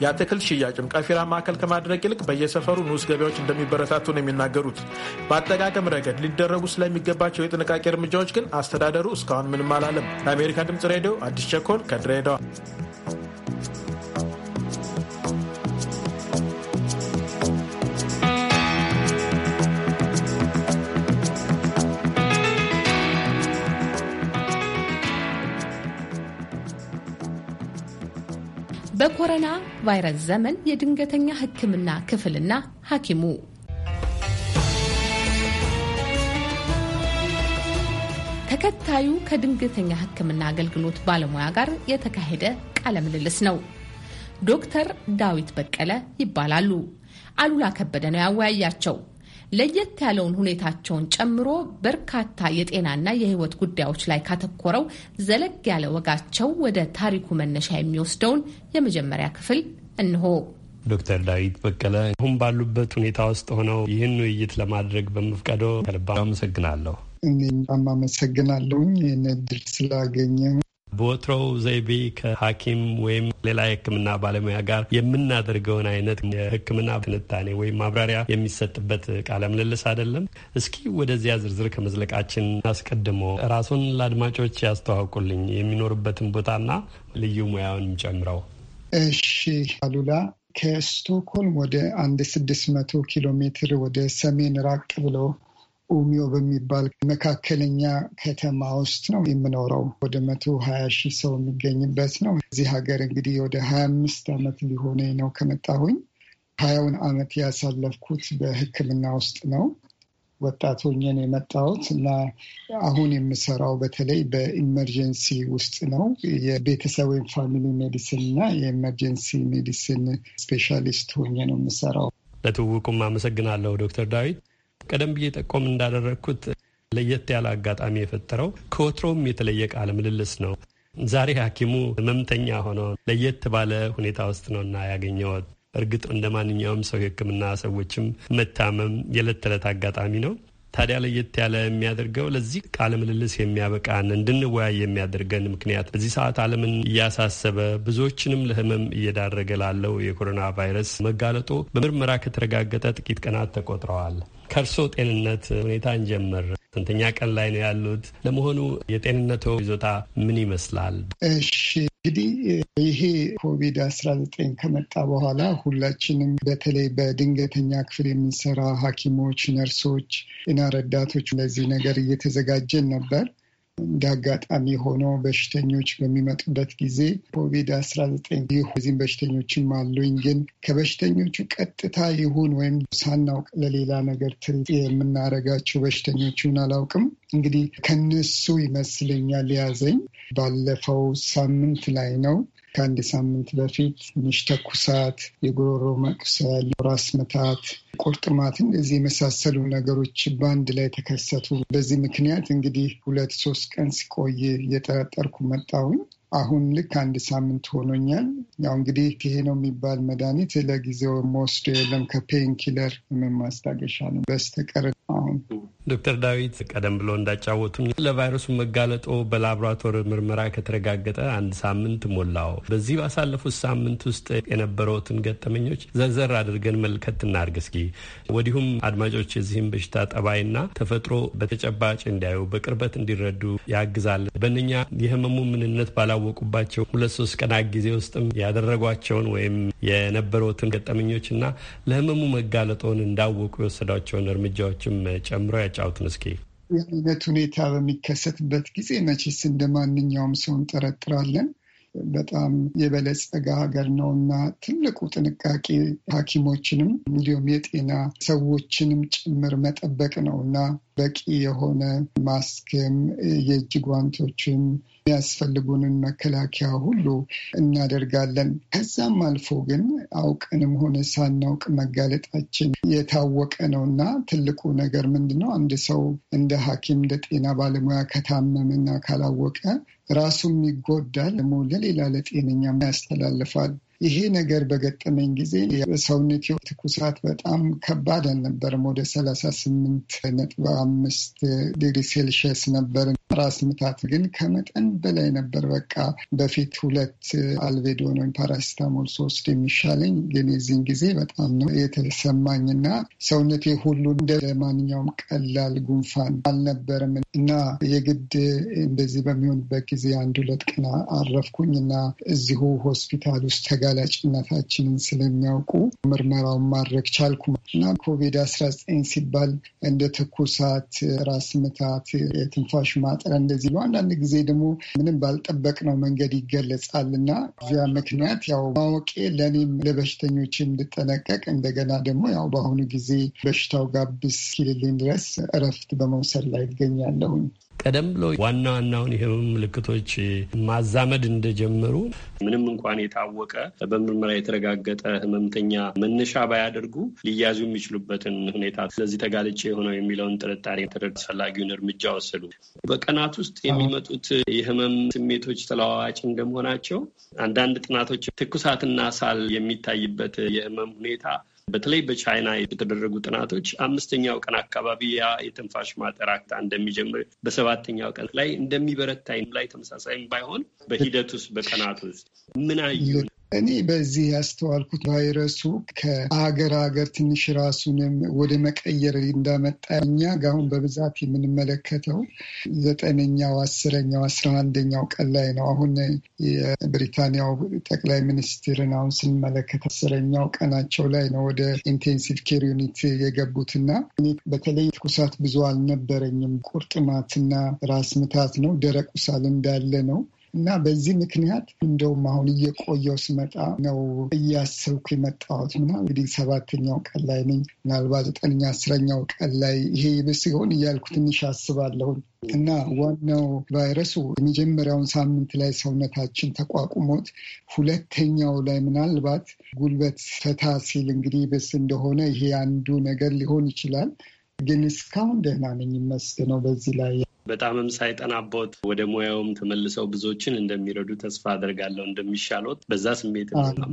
የአትክልት ሽያጭም ቀፊራ ማዕከል ከማድረግ ይልቅ በየሰፈሩ ንዑስ ገበያዎች እንደሚበረታቱ ነው የሚናገሩት። በአጠቃቀም ረገድ ሊደረጉ ስለሚገባቸው የጥንቃቄ እርምጃዎች ግን አስተዳደሩ እስካሁን ምንም አላለም። ለአሜሪካ ድምጽ ሬዲዮ አዲስ ቸኮል ከድሬዳዋ የኮሮና ቫይረስ ዘመን የድንገተኛ ሕክምና ክፍልና ሐኪሙ ተከታዩ ከድንገተኛ ሕክምና አገልግሎት ባለሙያ ጋር የተካሄደ ቃለ ምልልስ ነው። ዶክተር ዳዊት በቀለ ይባላሉ። አሉላ ከበደ ነው ያወያያቸው። ለየት ያለውን ሁኔታቸውን ጨምሮ በርካታ የጤናና የሕይወት ጉዳዮች ላይ ካተኮረው ዘለግ ያለ ወጋቸው ወደ ታሪኩ መነሻ የሚወስደውን የመጀመሪያ ክፍል እንሆ። ዶክተር ዳዊት በቀለ አሁን ባሉበት ሁኔታ ውስጥ ሆነው ይህን ውይይት ለማድረግ በመፍቀዶ ከልባ አመሰግናለሁ። እኔም አመሰግናለሁኝ ይህን እድል ስላገኘ በወትሮው ዘይቤ ከሐኪም ወይም ሌላ የሕክምና ባለሙያ ጋር የምናደርገውን አይነት የሕክምና ትንታኔ ወይም ማብራሪያ የሚሰጥበት ቃለ ምልልስ አይደለም። እስኪ ወደዚያ ዝርዝር ከመዝለቃችን አስቀድሞ ራሱን ለአድማጮች ያስተዋውቁልኝ የሚኖርበትን ቦታና ልዩ ሙያውንም ጨምረው። እሺ አሉላ ከስቶክሆልም ወደ አንድ ስድስት መቶ ኪሎ ሜትር ወደ ሰሜን ራቅ ብሎ ኡሚዮ በሚባል መካከለኛ ከተማ ውስጥ ነው የምኖረው። ወደ መቶ ሀያ ሺህ ሰው የሚገኝበት ነው። እዚህ ሀገር እንግዲህ ወደ ሀያ አምስት ዓመት ሊሆነ ነው ከመጣሁኝ። ሀያውን ዓመት ያሳለፍኩት በሕክምና ውስጥ ነው። ወጣት የመጣሁት እና አሁን የምሰራው በተለይ በኢመርጀንሲ ውስጥ ነው። የቤተሰብ ወይም ፋሚሊ ሜዲሲን እና የኢመርጀንሲ ሜዲሲን ስፔሻሊስት ሆኜ ነው የምሰራው። ለትውውቁም አመሰግናለሁ ዶክተር ዳዊት። ቀደም ብዬ ጠቆም እንዳደረግኩት ለየት ያለ አጋጣሚ የፈጠረው ከወትሮም የተለየ ቃለ ምልልስ ነው። ዛሬ ሐኪሙ ህመምተኛ ሆኖ ለየት ባለ ሁኔታ ውስጥ ነውና ያገኘዎት። እርግጥ እንደ ማንኛውም ሰው የህክምና ሰዎችም መታመም የዕለት ተዕለት አጋጣሚ ነው። ታዲያ ለየት ያለ የሚያደርገው ለዚህ ቃለ ምልልስ የሚያበቃን እንድንወያይ የሚያደርገን ምክንያት በዚህ ሰዓት ዓለምን እያሳሰበ ብዙዎችንም ለህመም እየዳረገ ላለው የኮሮና ቫይረስ መጋለጦ በምርመራ ከተረጋገጠ ጥቂት ቀናት ተቆጥረዋል። ከእርስዎ ጤንነት ሁኔታ እንጀምር። ስንተኛ ቀን ላይ ነው ያሉት? ለመሆኑ የጤንነት ይዞታ ምን ይመስላል? እሺ እንግዲህ ይሄ ኮቪድ አስራ ዘጠኝ ከመጣ በኋላ ሁላችንም በተለይ በድንገተኛ ክፍል የምንሰራ ሐኪሞች፣ ነርሶች እና ረዳቶች ለዚህ ነገር እየተዘጋጀን ነበር። እንደ አጋጣሚ ሆኖ በሽተኞች በሚመጡበት ጊዜ ኮቪድ አስራ ዘጠኝ ይሁ እዚህም በሽተኞችም አሉኝ። ግን ከበሽተኞቹ ቀጥታ ይሁን ወይም ሳናውቅ ለሌላ ነገር ትርኢት የምናደርጋቸው በሽተኞቹን አላውቅም። እንግዲህ ከነሱ ይመስለኛል ያዘኝ። ባለፈው ሳምንት ላይ ነው። ከአንድ ሳምንት በፊት ትንሽ ተኩሳት፣ የጉሮሮ መቅሰል፣ ራስ ምታት፣ ቁርጥማት እንደዚህ የመሳሰሉ ነገሮች በአንድ ላይ ተከሰቱ። በዚህ ምክንያት እንግዲህ ሁለት ሶስት ቀን ሲቆይ እየጠረጠርኩ መጣሁኝ። አሁን ልክ አንድ ሳምንት ሆኖኛል። ያው እንግዲህ ይሄ ነው የሚባል መድኃኒት ለጊዜው መወስዶ የለም ከፔንኪለር ማስታገሻ ነው በስተቀር ዶክተር ዳዊት ቀደም ብሎ እንዳጫወቱኝ ለቫይረሱ መጋለጦ በላቦራቶሪ ምርመራ ከተረጋገጠ አንድ ሳምንት ሞላው። በዚህ ባሳለፉት ሳምንት ውስጥ የነበረውትን ገጠመኞች ዘርዘር አድርገን መልከት እናድርግ እስኪ። ወዲሁም አድማጮች የዚህም በሽታ ጠባይና ተፈጥሮ በተጨባጭ እንዲያዩ በቅርበት እንዲረዱ ያግዛል። በእነኛ የህመሙ ምንነት ባላወቁባቸው ሁለት ሶስት ቀናት ጊዜ ውስጥም ያደረጓቸውን ወይም የነበረውትን ገጠመኞችና ለህመሙ መጋለጦን እንዳወቁ የወሰዷቸውን እርምጃዎችም ጨምረው ያጫውቱን እስኪ። ይህ ሁኔታ በሚከሰትበት ጊዜ መቼስ እንደ ማንኛውም ሰው እንጠረጥራለን። በጣም የበለጸገ ሀገር ነው እና ትልቁ ጥንቃቄ ሐኪሞችንም እንዲሁም የጤና ሰዎችንም ጭምር መጠበቅ ነው እና በቂ የሆነ ማስክም የእጅ ጓንቶችን የሚያስፈልጉንን መከላከያ ሁሉ እናደርጋለን። ከዛም አልፎ ግን አውቀንም ሆነ ሳናውቅ መጋለጣችን የታወቀ ነው እና ትልቁ ነገር ምንድነው? ነው? አንድ ሰው እንደ ሐኪም እንደ ጤና ባለሙያ ከታመመና ካላወቀ ራሱም ይጎዳል፣ ደግሞ ለሌላ ለጤነኛም ያስተላልፋል። ይሄ ነገር በገጠመኝ ጊዜ ሰውነት ትኩሳት በጣም ከባድ አልነበረም። ወደ ሰላሳ ስምንት ነጥብ አምስት ዲግሪ ሴልሽስ ነበር ራስ ምታት ግን ከመጠን በላይ ነበር። በቃ በፊት ሁለት አልቤዶን ወይም ፓራሲታሞል ሶስት የሚሻለኝ ግን የዚህን ጊዜ በጣም ነው እና ሰውነቴ ሁሉ እንደ ማንኛውም ቀላል ጉንፋን አልነበርም እና የግድ እንደዚህ በሚሆንበት ጊዜ አንድ ሁለት ቀን አረፍኩኝ እና እዚሁ ሆስፒታል ውስጥ ተጋላጭነታችንን ስለሚያውቁ ምርመራውን ማድረግ ቻልኩ እና ኮቪድ አስራ ዘጠኝ ሲባል እንደ ትኩሳት፣ ራስ ምታት፣ የትንፋሽ ማ ጥለን እንደዚህ ነው። አንዳንድ ጊዜ ደግሞ ምንም ባልጠበቅነው መንገድ ይገለጻል እና እዚያ ምክንያት ያው ማወቄ ለእኔም ለበሽተኞች እንድጠነቀቅ እንደገና ደግሞ ያው በአሁኑ ጊዜ በሽታው ጋብስ ኪልልን ድረስ እረፍት በመውሰድ ላይ ይገኛለሁኝ። ቀደም ብሎ ዋና ዋናውን የህመም ምልክቶች ማዛመድ እንደጀመሩ ምንም እንኳን የታወቀ በምርመራ የተረጋገጠ ህመምተኛ መነሻ ባያደርጉ ሊያዙ የሚችሉበትን ሁኔታ ስለዚህ ተጋልጬ የሆነው የሚለውን ጥርጣሬ ተደርጎ አስፈላጊውን እርምጃ ወሰዱ። በቀናት ውስጥ የሚመጡት የህመም ስሜቶች ተለዋዋጭ እንደመሆናቸው አንዳንድ ጥናቶች ትኩሳትና ሳል የሚታይበት የህመም ሁኔታ በተለይ በቻይና የተደረጉ ጥናቶች አምስተኛው ቀን አካባቢ ያ የትንፋሽ ማጠር አክታ እንደሚጀምር በሰባተኛው ቀን ላይ እንደሚበረታ ላይ ተመሳሳይም ባይሆን በሂደት ውስጥ በቀናት ውስጥ ምን አዩ? እኔ በዚህ ያስተዋልኩት ቫይረሱ ከአገር አገር ትንሽ ራሱንም ወደ መቀየር እንዳመጣ እኛ ጋር አሁን በብዛት የምንመለከተው ዘጠነኛው፣ አስረኛው፣ አስራ አንደኛው ቀን ላይ ነው። አሁን የብሪታንያው ጠቅላይ ሚኒስትርን አሁን ስንመለከት አስረኛው ቀናቸው ላይ ነው ወደ ኢንቴንሲቭ ኬር ዩኒት የገቡትና በተለይ ትኩሳት ብዙ አልነበረኝም። ቁርጥማትና ራስ ምታት ነው። ደረቅ ቁስል እንዳለ ነው። እና በዚህ ምክንያት እንደውም አሁን እየቆየው ስመጣ ነው እያሰብኩ የመጣሁት እና እንግዲህ ሰባተኛው ቀን ላይ ነኝ። ምናልባት ዘጠነኛ አስረኛው ቀን ላይ ይሄ ይብስ ሲሆን እያልኩ ትንሽ አስባለሁኝ እና ዋናው ቫይረሱ የመጀመሪያውን ሳምንት ላይ ሰውነታችን ተቋቁሞት ሁለተኛው ላይ ምናልባት ጉልበት ፈታ ሲል እንግዲህ ብስ እንደሆነ ይሄ አንዱ ነገር ሊሆን ይችላል። ግን እስካሁን ደህና ነኝ ይመስገነው። በዚህ ላይ በጣምም ሳይጠናቦት ወደ ሙያውም ተመልሰው ብዙዎችን እንደሚረዱ ተስፋ አደርጋለሁ እንደሚሻሎት በዛ ስሜት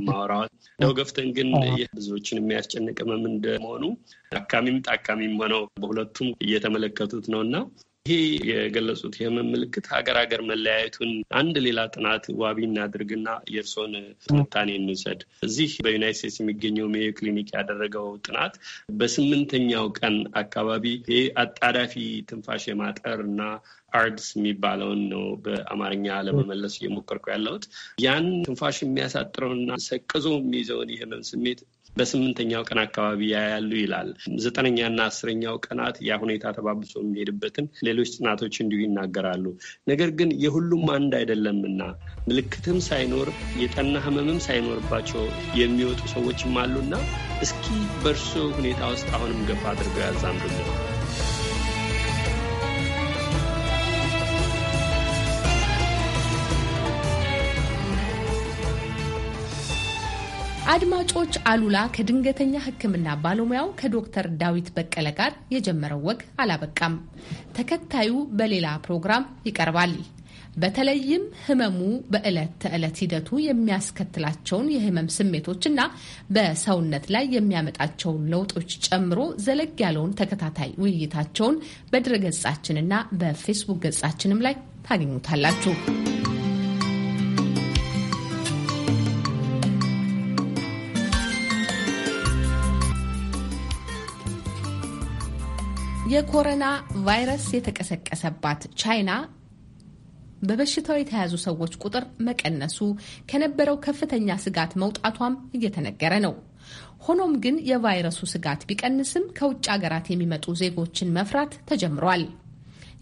ማወራዋል ደው ገፍተን ግን ይህ ብዙዎችን የሚያስጨንቅ ህመም እንደመሆኑ አካሚም ጣካሚም ሆነው በሁለቱም እየተመለከቱት ነው እና ይሄ የገለጹት የህመም ምልክት ሀገር ሀገር መለያየቱን አንድ ሌላ ጥናት ዋቢ እናድርግና የእርስዎን ትንታኔ እንውሰድ። እዚህ በዩናይት ስቴትስ የሚገኘው ሜዮ ክሊኒክ ያደረገው ጥናት በስምንተኛው ቀን አካባቢ ይሄ አጣዳፊ ትንፋሽ የማጠር እና አርድስ የሚባለውን ነው በአማርኛ ለመመለስ እየሞከርኩ ያለሁት ያን ትንፋሽ የሚያሳጥረውና ሰቅዞ የሚይዘውን የህመም ስሜት በስምንተኛው ቀን አካባቢ ያያሉ ይላል። ዘጠነኛና አስረኛው ቀናት ያ ሁኔታ ተባብሶ የሚሄድበትን ሌሎች ጥናቶች እንዲሁ ይናገራሉ። ነገር ግን የሁሉም አንድ አይደለምና ምልክትም ሳይኖር የጠና ህመምም ሳይኖርባቸው የሚወጡ ሰዎችም አሉና እስኪ በእርሶ ሁኔታ ውስጥ አሁንም ገፋ አድርገው ያዛምዱልን። አድማጮች አሉላ ከድንገተኛ ሕክምና ባለሙያው ከዶክተር ዳዊት በቀለ ጋር የጀመረው ወግ አላበቃም። ተከታዩ በሌላ ፕሮግራም ይቀርባል። በተለይም ህመሙ በዕለት ተዕለት ሂደቱ የሚያስከትላቸውን የህመም ስሜቶችና በሰውነት ላይ የሚያመጣቸውን ለውጦች ጨምሮ ዘለግ ያለውን ተከታታይ ውይይታቸውን በድረ ገጻችንና በፌስቡክ ገጻችንም ላይ ታገኙታላችሁ። የኮሮና ቫይረስ የተቀሰቀሰባት ቻይና በበሽታው የተያዙ ሰዎች ቁጥር መቀነሱ ከነበረው ከፍተኛ ስጋት መውጣቷም እየተነገረ ነው። ሆኖም ግን የቫይረሱ ስጋት ቢቀንስም ከውጭ ሀገራት የሚመጡ ዜጎችን መፍራት ተጀምሯል።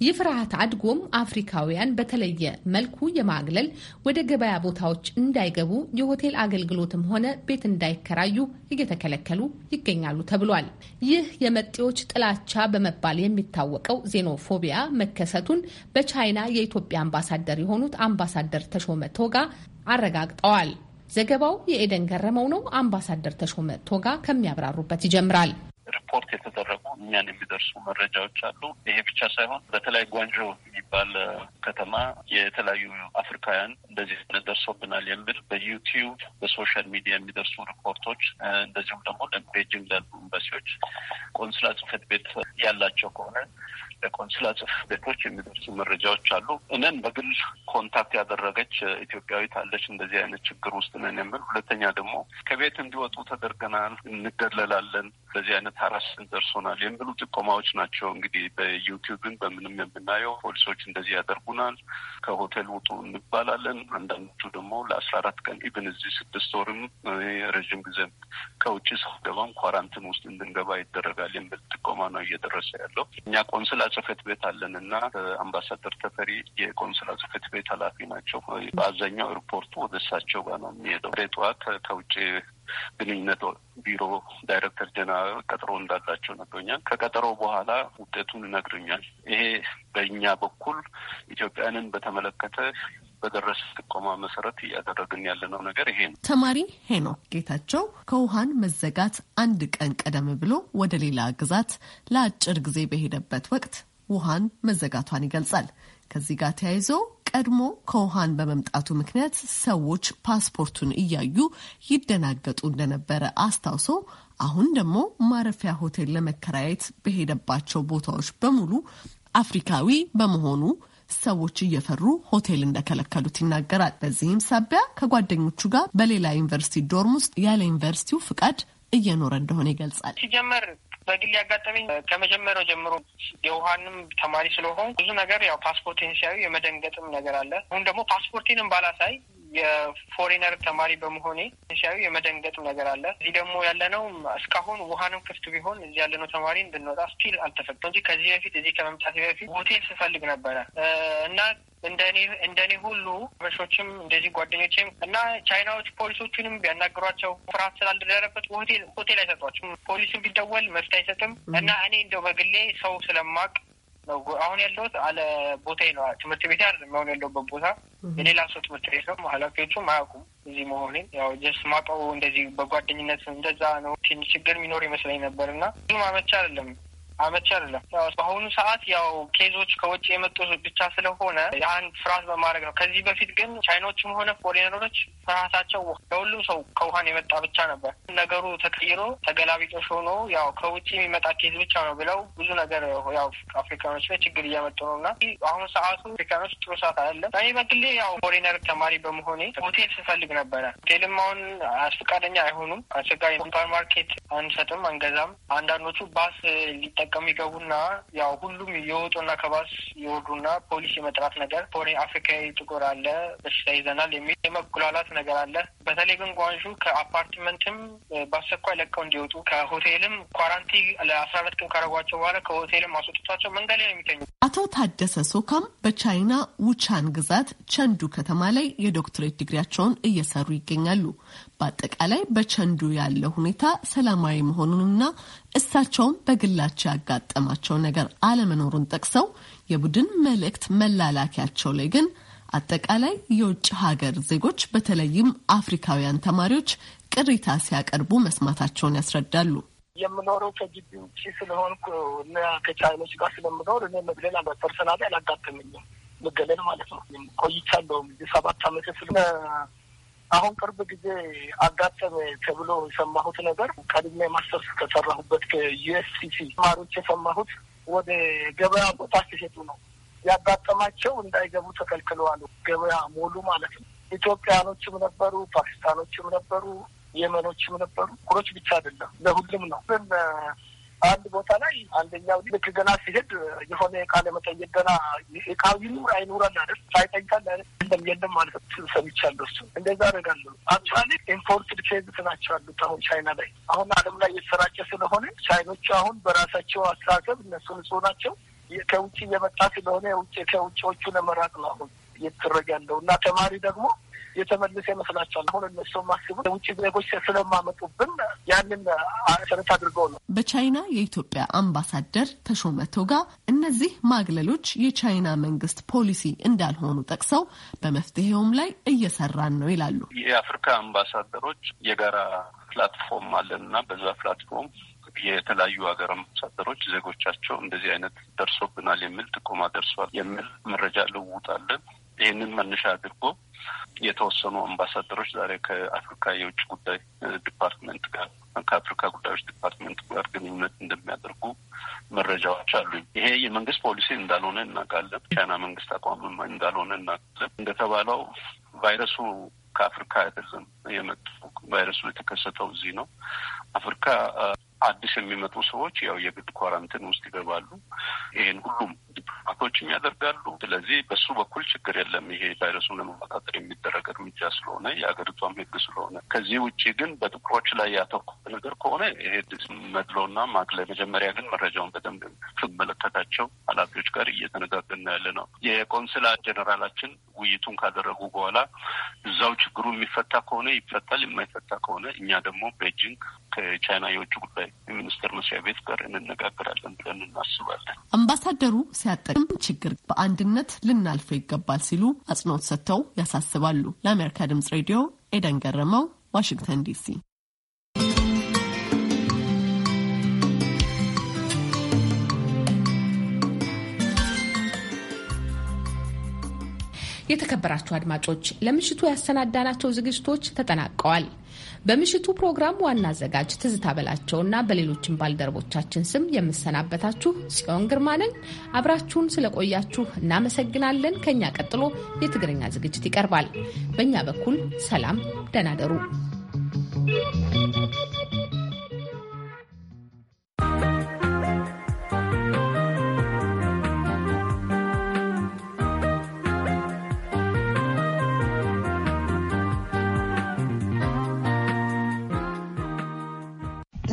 ይህ ፍርሃት አድጎም አፍሪካውያን በተለየ መልኩ የማግለል ወደ ገበያ ቦታዎች እንዳይገቡ የሆቴል አገልግሎትም ሆነ ቤት እንዳይከራዩ እየተከለከሉ ይገኛሉ ተብሏል። ይህ የመጤዎች ጥላቻ በመባል የሚታወቀው ዜኖፎቢያ መከሰቱን በቻይና የኢትዮጵያ አምባሳደር የሆኑት አምባሳደር ተሾመ ቶጋ አረጋግጠዋል። ዘገባው የኤደን ገረመው ነው። አምባሳደር ተሾመ ቶጋ ከሚያብራሩበት ይጀምራል። ሪፖርት የተደረጉ እኛን የሚደርሱ መረጃዎች አሉ። ይሄ ብቻ ሳይሆን በተለይ ጓንጆ የሚባል ከተማ የተለያዩ አፍሪካውያን እንደዚህ ደርሶብናል የሚል በዩቲዩብ በሶሻል ሚዲያ የሚደርሱ ሪፖርቶች እንደዚሁም ደግሞ ለቤጂንግ ላሉ ኤምባሲዎች፣ ቆንስላ ጽሕፈት ቤት ያላቸው ከሆነ ለቆንስላ ጽሕፈት ቤቶች የሚደርሱ መረጃዎች አሉ። እኔን በግል ኮንታክት ያደረገች ኢትዮጵያዊት አለች። እንደዚህ አይነት ችግር ውስጥ ነን የምል። ሁለተኛ ደግሞ ከቤት እንዲወጡ ተደርገናል፣ እንገለላለን በዚህ አይነት ሀራስ ደርሶናል የሚሉ ጥቆማዎች ናቸው። እንግዲህ በዩቲዩብን በምንም የምናየው ፖሊሶች እንደዚህ ያደርጉናል፣ ከሆቴል ውጡ እንባላለን። አንዳንዶቹ ደግሞ ለአስራ አራት ቀን ኢብን እዚህ ስድስት ወርም ረዥም ጊዜ ከውጭ ስገባም ኳራንቲን ውስጥ እንድንገባ ይደረጋል የሚል ጥቆማ ነው እየደረሰ ያለው። እኛ ቆንስላ ጽህፈት ቤት አለን እና አምባሳደር ተፈሪ የቆንስላ ጽህፈት ቤት ኃላፊ ናቸው። በአብዛኛው ሪፖርቱ ወደ እሳቸው ጋር ነው የሚሄደው። ሬጠዋት ከውጭ ግንኙነት ቢሮ ዳይሬክተር ጀነራል ቀጠሮ እንዳላቸው ነግሮኛል። ከቀጠሮ በኋላ ውጤቱን ይነግርኛል። ይሄ በእኛ በኩል ኢትዮጵያንን በተመለከተ በደረሰ ጥቆማ መሰረት እያደረግን ያለነው ነገር ይሄ ነው። ተማሪ ሄኖክ ጌታቸው ከውሃን መዘጋት አንድ ቀን ቀደም ብሎ ወደ ሌላ ግዛት ለአጭር ጊዜ በሄደበት ወቅት ውሃን መዘጋቷን ይገልጻል። ከዚህ ጋር ተያይዞ ቀድሞ ከውሃን በመምጣቱ ምክንያት ሰዎች ፓስፖርቱን እያዩ ይደናገጡ እንደነበረ አስታውሶ አሁን ደግሞ ማረፊያ ሆቴል ለመከራየት በሄደባቸው ቦታዎች በሙሉ አፍሪካዊ በመሆኑ ሰዎች እየፈሩ ሆቴል እንደከለከሉት ይናገራል። በዚህም ሳቢያ ከጓደኞቹ ጋር በሌላ ዩኒቨርሲቲ ዶርም ውስጥ ያለ ዩኒቨርሲቲው ፍቃድ እየኖረ እንደሆነ ይገልጻል። ሲጀመር በግል ያጋጠመኝ ከመጀመሪያው ጀምሮ የውሃንም ተማሪ ስለሆን ብዙ ነገር ያው ፓስፖርቴን ሲያዩ የመደንገጥም ነገር አለ። አሁን ደግሞ ፓስፖርቴንም ባላሳይ የፎሬነር ተማሪ በመሆኔ ሲያዩ የመደንገጥ ነገር አለ። እዚህ ደግሞ ያለነው እስካሁን ውሃንም ክፍት ቢሆን እዚህ ያለነው ተማሪ እንድንወጣ ስቲል አልተፈቀደም እንጂ ከዚህ በፊት እዚህ ከመምጣት በፊት ሆቴል ስፈልግ ነበረ እና እንደኔ ሁሉ በሾችም እንደዚህ ጓደኞችም እና ቻይናዎች ፖሊሶቹንም ቢያናግሯቸው ፍርሃት ስላልደረበት ሆቴል ሆቴል አይሰጧቸውም። ፖሊስም ቢደወል መፍት አይሰጥም እና እኔ እንደው በግሌ ሰው ስለማቅ ነው። አሁን ያለሁት አለ ቦታ ነው። ትምህርት ቤት አይደለም አሁን ያለሁበት ቦታ የሌላ ሰው ትምህርት ቤት ነው። ኃላፊዎቹም አያውቁም እዚህ መሆኔን። ያው ጀስት ማውቀው እንደዚህ በጓደኝነት እንደዛ ነው። ችግር የሚኖር ይመስለኝ ነበር እና ብዙም አመቻ አይደለም አመቺ አይደለም። በአሁኑ ሰዓት ያው ኬዞች ከውጭ የመጡ ብቻ ስለሆነ ያን ፍርሃት በማድረግ ነው። ከዚህ በፊት ግን ቻይኖችም ሆነ ፎሬነሮች ፍርሃታቸው ለሁሉም ሰው ከውሀን የመጣ ብቻ ነበር። ነገሩ ተቀይሮ ተገላቢጦሽ ሆኖ ያው ከውጭ የሚመጣ ኬዝ ብቻ ነው ብለው ብዙ ነገር ያው አፍሪካኖች ላይ ችግር እያመጡ ነው እና አሁኑ ሰዓቱ አፍሪካኖች ጥሩ ሰዓት አይደለም። እኔ በግሌ ያው ፎሬነር ተማሪ በመሆኔ ሆቴል ስፈልግ ነበረ። ሆቴልም አሁን አስፈቃደኛ አይሆኑም። አስቸጋሪ ሱፐርማርኬት አንሰጥም፣ አንገዛም። አንዳንዶቹ ባስ ሊጠ እንደሚጠቀሙ ይገቡና ያው ሁሉም የወጡና ከባስ የወርዱና ፖሊስ የመጥራት ነገር ፖሪ አፍሪካዊ ጥቁር አለ በሽታ ይዘናል የሚል የመጉላላት ነገር አለ። በተለይ ግን ጓንሹ ከአፓርትመንትም በአስቸኳይ ለቀው እንዲወጡ ከሆቴልም ኳራንቲ ለአስራ ሁለት ቀን ካረጓቸው በኋላ ከሆቴልም አስወጥቷቸው መንገድ ላይ ነው የሚገኙ። አቶ ታደሰ ሶካም በቻይና ውቻን ግዛት ቸንዱ ከተማ ላይ የዶክትሬት ዲግሪያቸውን እየሰሩ ይገኛሉ። በአጠቃላይ በቸንዱ ያለው ሁኔታ ሰላማዊ መሆኑንና እሳቸውም በግላቸው ያጋጠማቸው ነገር አለመኖሩን ጠቅሰው የቡድን መልእክት መላላኪያቸው ላይ ግን አጠቃላይ የውጭ ሀገር ዜጎች በተለይም አፍሪካውያን ተማሪዎች ቅሬታ ሲያቀርቡ መስማታቸውን ያስረዳሉ። የምኖረው ከግቢ ውጭ ስለሆንኩ እና ከቻይኖች ጋር ስለምኖር እኔ መግለል ፐርሰናሊ አላጋጠመኝም። መገለል ማለት ነው ቆይቻለሁም ሰባት አመት ስለ አሁን ቅርብ ጊዜ አጋጠመ ተብሎ የሰማሁት ነገር ቀድሜ ማስተርስ ከሰራሁበት ከዩኤስሲሲ ተማሪዎች የሰማሁት ወደ ገበያ ቦታ ሲሄዱ ነው ያጋጠማቸው። እንዳይገቡ ተከልክለዋል። ገበያ ሞሉ ማለት ነው። ኢትዮጵያኖችም ነበሩ፣ ፓኪስታኖችም ነበሩ፣ የመኖችም ነበሩ። ኩሮች ብቻ አይደለም፣ ለሁሉም ነው ግን አንድ ቦታ ላይ አንደኛው ልክ ገና ሲሄድ የሆነ እቃ ለመጠየቅ ገና እቃ ይኑር አይኑራል አይደል ሳይጠይቃል አይደል የለም የለም ማለት ሰምቻለሁ። እሱ እንደዛ አደርጋለሁ። አክቹዋሊ ኢምፖርትድ ኬዝስ ናቸው አሉት። አሁን ቻይና ላይ አሁን ዓለም ላይ የተሰራጨ ስለሆነ ቻይኖቹ አሁን በራሳቸው አስተሳሰብ እነሱ ንጹህ ናቸው። ከውጭ እየመጣ ስለሆነ ከውጭዎቹ ለመራቅ ነው አሁን እየተደረገ ያለው እና ተማሪ ደግሞ የተመለሰ ይመስላቸዋል። አሁን እነሱ ማስቡ የውጭ ዜጎች ስለማመጡብን ያንን መሰረት አድርገው ነው። በቻይና የኢትዮጵያ አምባሳደር ተሾመ ቶጋ እነዚህ ማግለሎች የቻይና መንግስት ፖሊሲ እንዳልሆኑ ጠቅሰው በመፍትሄውም ላይ እየሰራን ነው ይላሉ። የአፍሪካ አምባሳደሮች የጋራ ፕላትፎርም አለን እና በዛ ፕላትፎርም የተለያዩ ሀገር አምባሳደሮች ዜጎቻቸው እንደዚህ አይነት ደርሶብናል የሚል ጥቆማ ደርሷል የሚል መረጃ ልውውጣለን። ይህንን መነሻ አድርጎ የተወሰኑ አምባሳደሮች ዛሬ ከአፍሪካ የውጭ ጉዳይ ዲፓርትመንት ጋር ከአፍሪካ ጉዳዮች ዲፓርትመንት ጋር ግንኙነት እንደሚያደርጉ መረጃዎች አሉኝ። ይሄ የመንግስት ፖሊሲ እንዳልሆነ እናውቃለን። ቻይና መንግስት አቋም እንዳልሆነ እናውቃለን። እንደተባለው ቫይረሱ ከአፍሪካ አይደለም የመጡ ቫይረሱ የተከሰተው እዚህ ነው። አፍሪካ አዲስ የሚመጡ ሰዎች ያው የግድ ኳራንቲን ውስጥ ይገባሉ። ይህን ሁሉም ዲፕሎማቶችም ያደርጋሉ። ስለዚህ በሱ በኩል ችግር የለም። ይሄ ቫይረሱን ለመቆጣጠር የሚደረግ እርምጃ ስለሆነ የሀገሪቷም ሕግ ስለሆነ ከዚህ ውጭ ግን በጥቁሮች ላይ ያተኮረ ነገር ከሆነ ይሄ መድሎና ማግለል መጀመሪያ ግን መረጃውን በደንብ ስመለከታቸው ኃላፊዎች ጋር እየተነጋገርን ያለ ነው። የቆንስላ ጀኔራላችን ውይይቱን ካደረጉ በኋላ እዛው ችግሩ የሚፈታ ከሆነ ይፈታል፣ የማይፈታ ከሆነ እኛ ደግሞ ቤጂንግ ከቻይና የውጭ ጉዳይ የሚኒስቴር መስሪያ ቤት ጋር እንነጋገራለን ብለን እናስባለን። አምባሳደሩ ሲያጠቅም ችግር በአንድነት ልናልፈው ይገባል ሲሉ አጽንኦት ሰጥተው ያሳስባሉ። ለአሜሪካ ድምጽ ሬዲዮ ኤደን ገረመው፣ ዋሽንግተን ዲሲ። የተከበራችሁ አድማጮች ለምሽቱ ያሰናዳናቸው ዝግጅቶች ተጠናቀዋል። በምሽቱ ፕሮግራም ዋና አዘጋጅ ትዝታ በላቸውና በሌሎችን ባልደረቦቻችን ስም የምሰናበታችሁ ጽዮን ግርማ ነኝ። አብራችሁን ስለቆያችሁ እናመሰግናለን። ከኛ ቀጥሎ የትግርኛ ዝግጅት ይቀርባል። በእኛ በኩል ሰላም፣ ደህና ደሩ።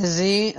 زي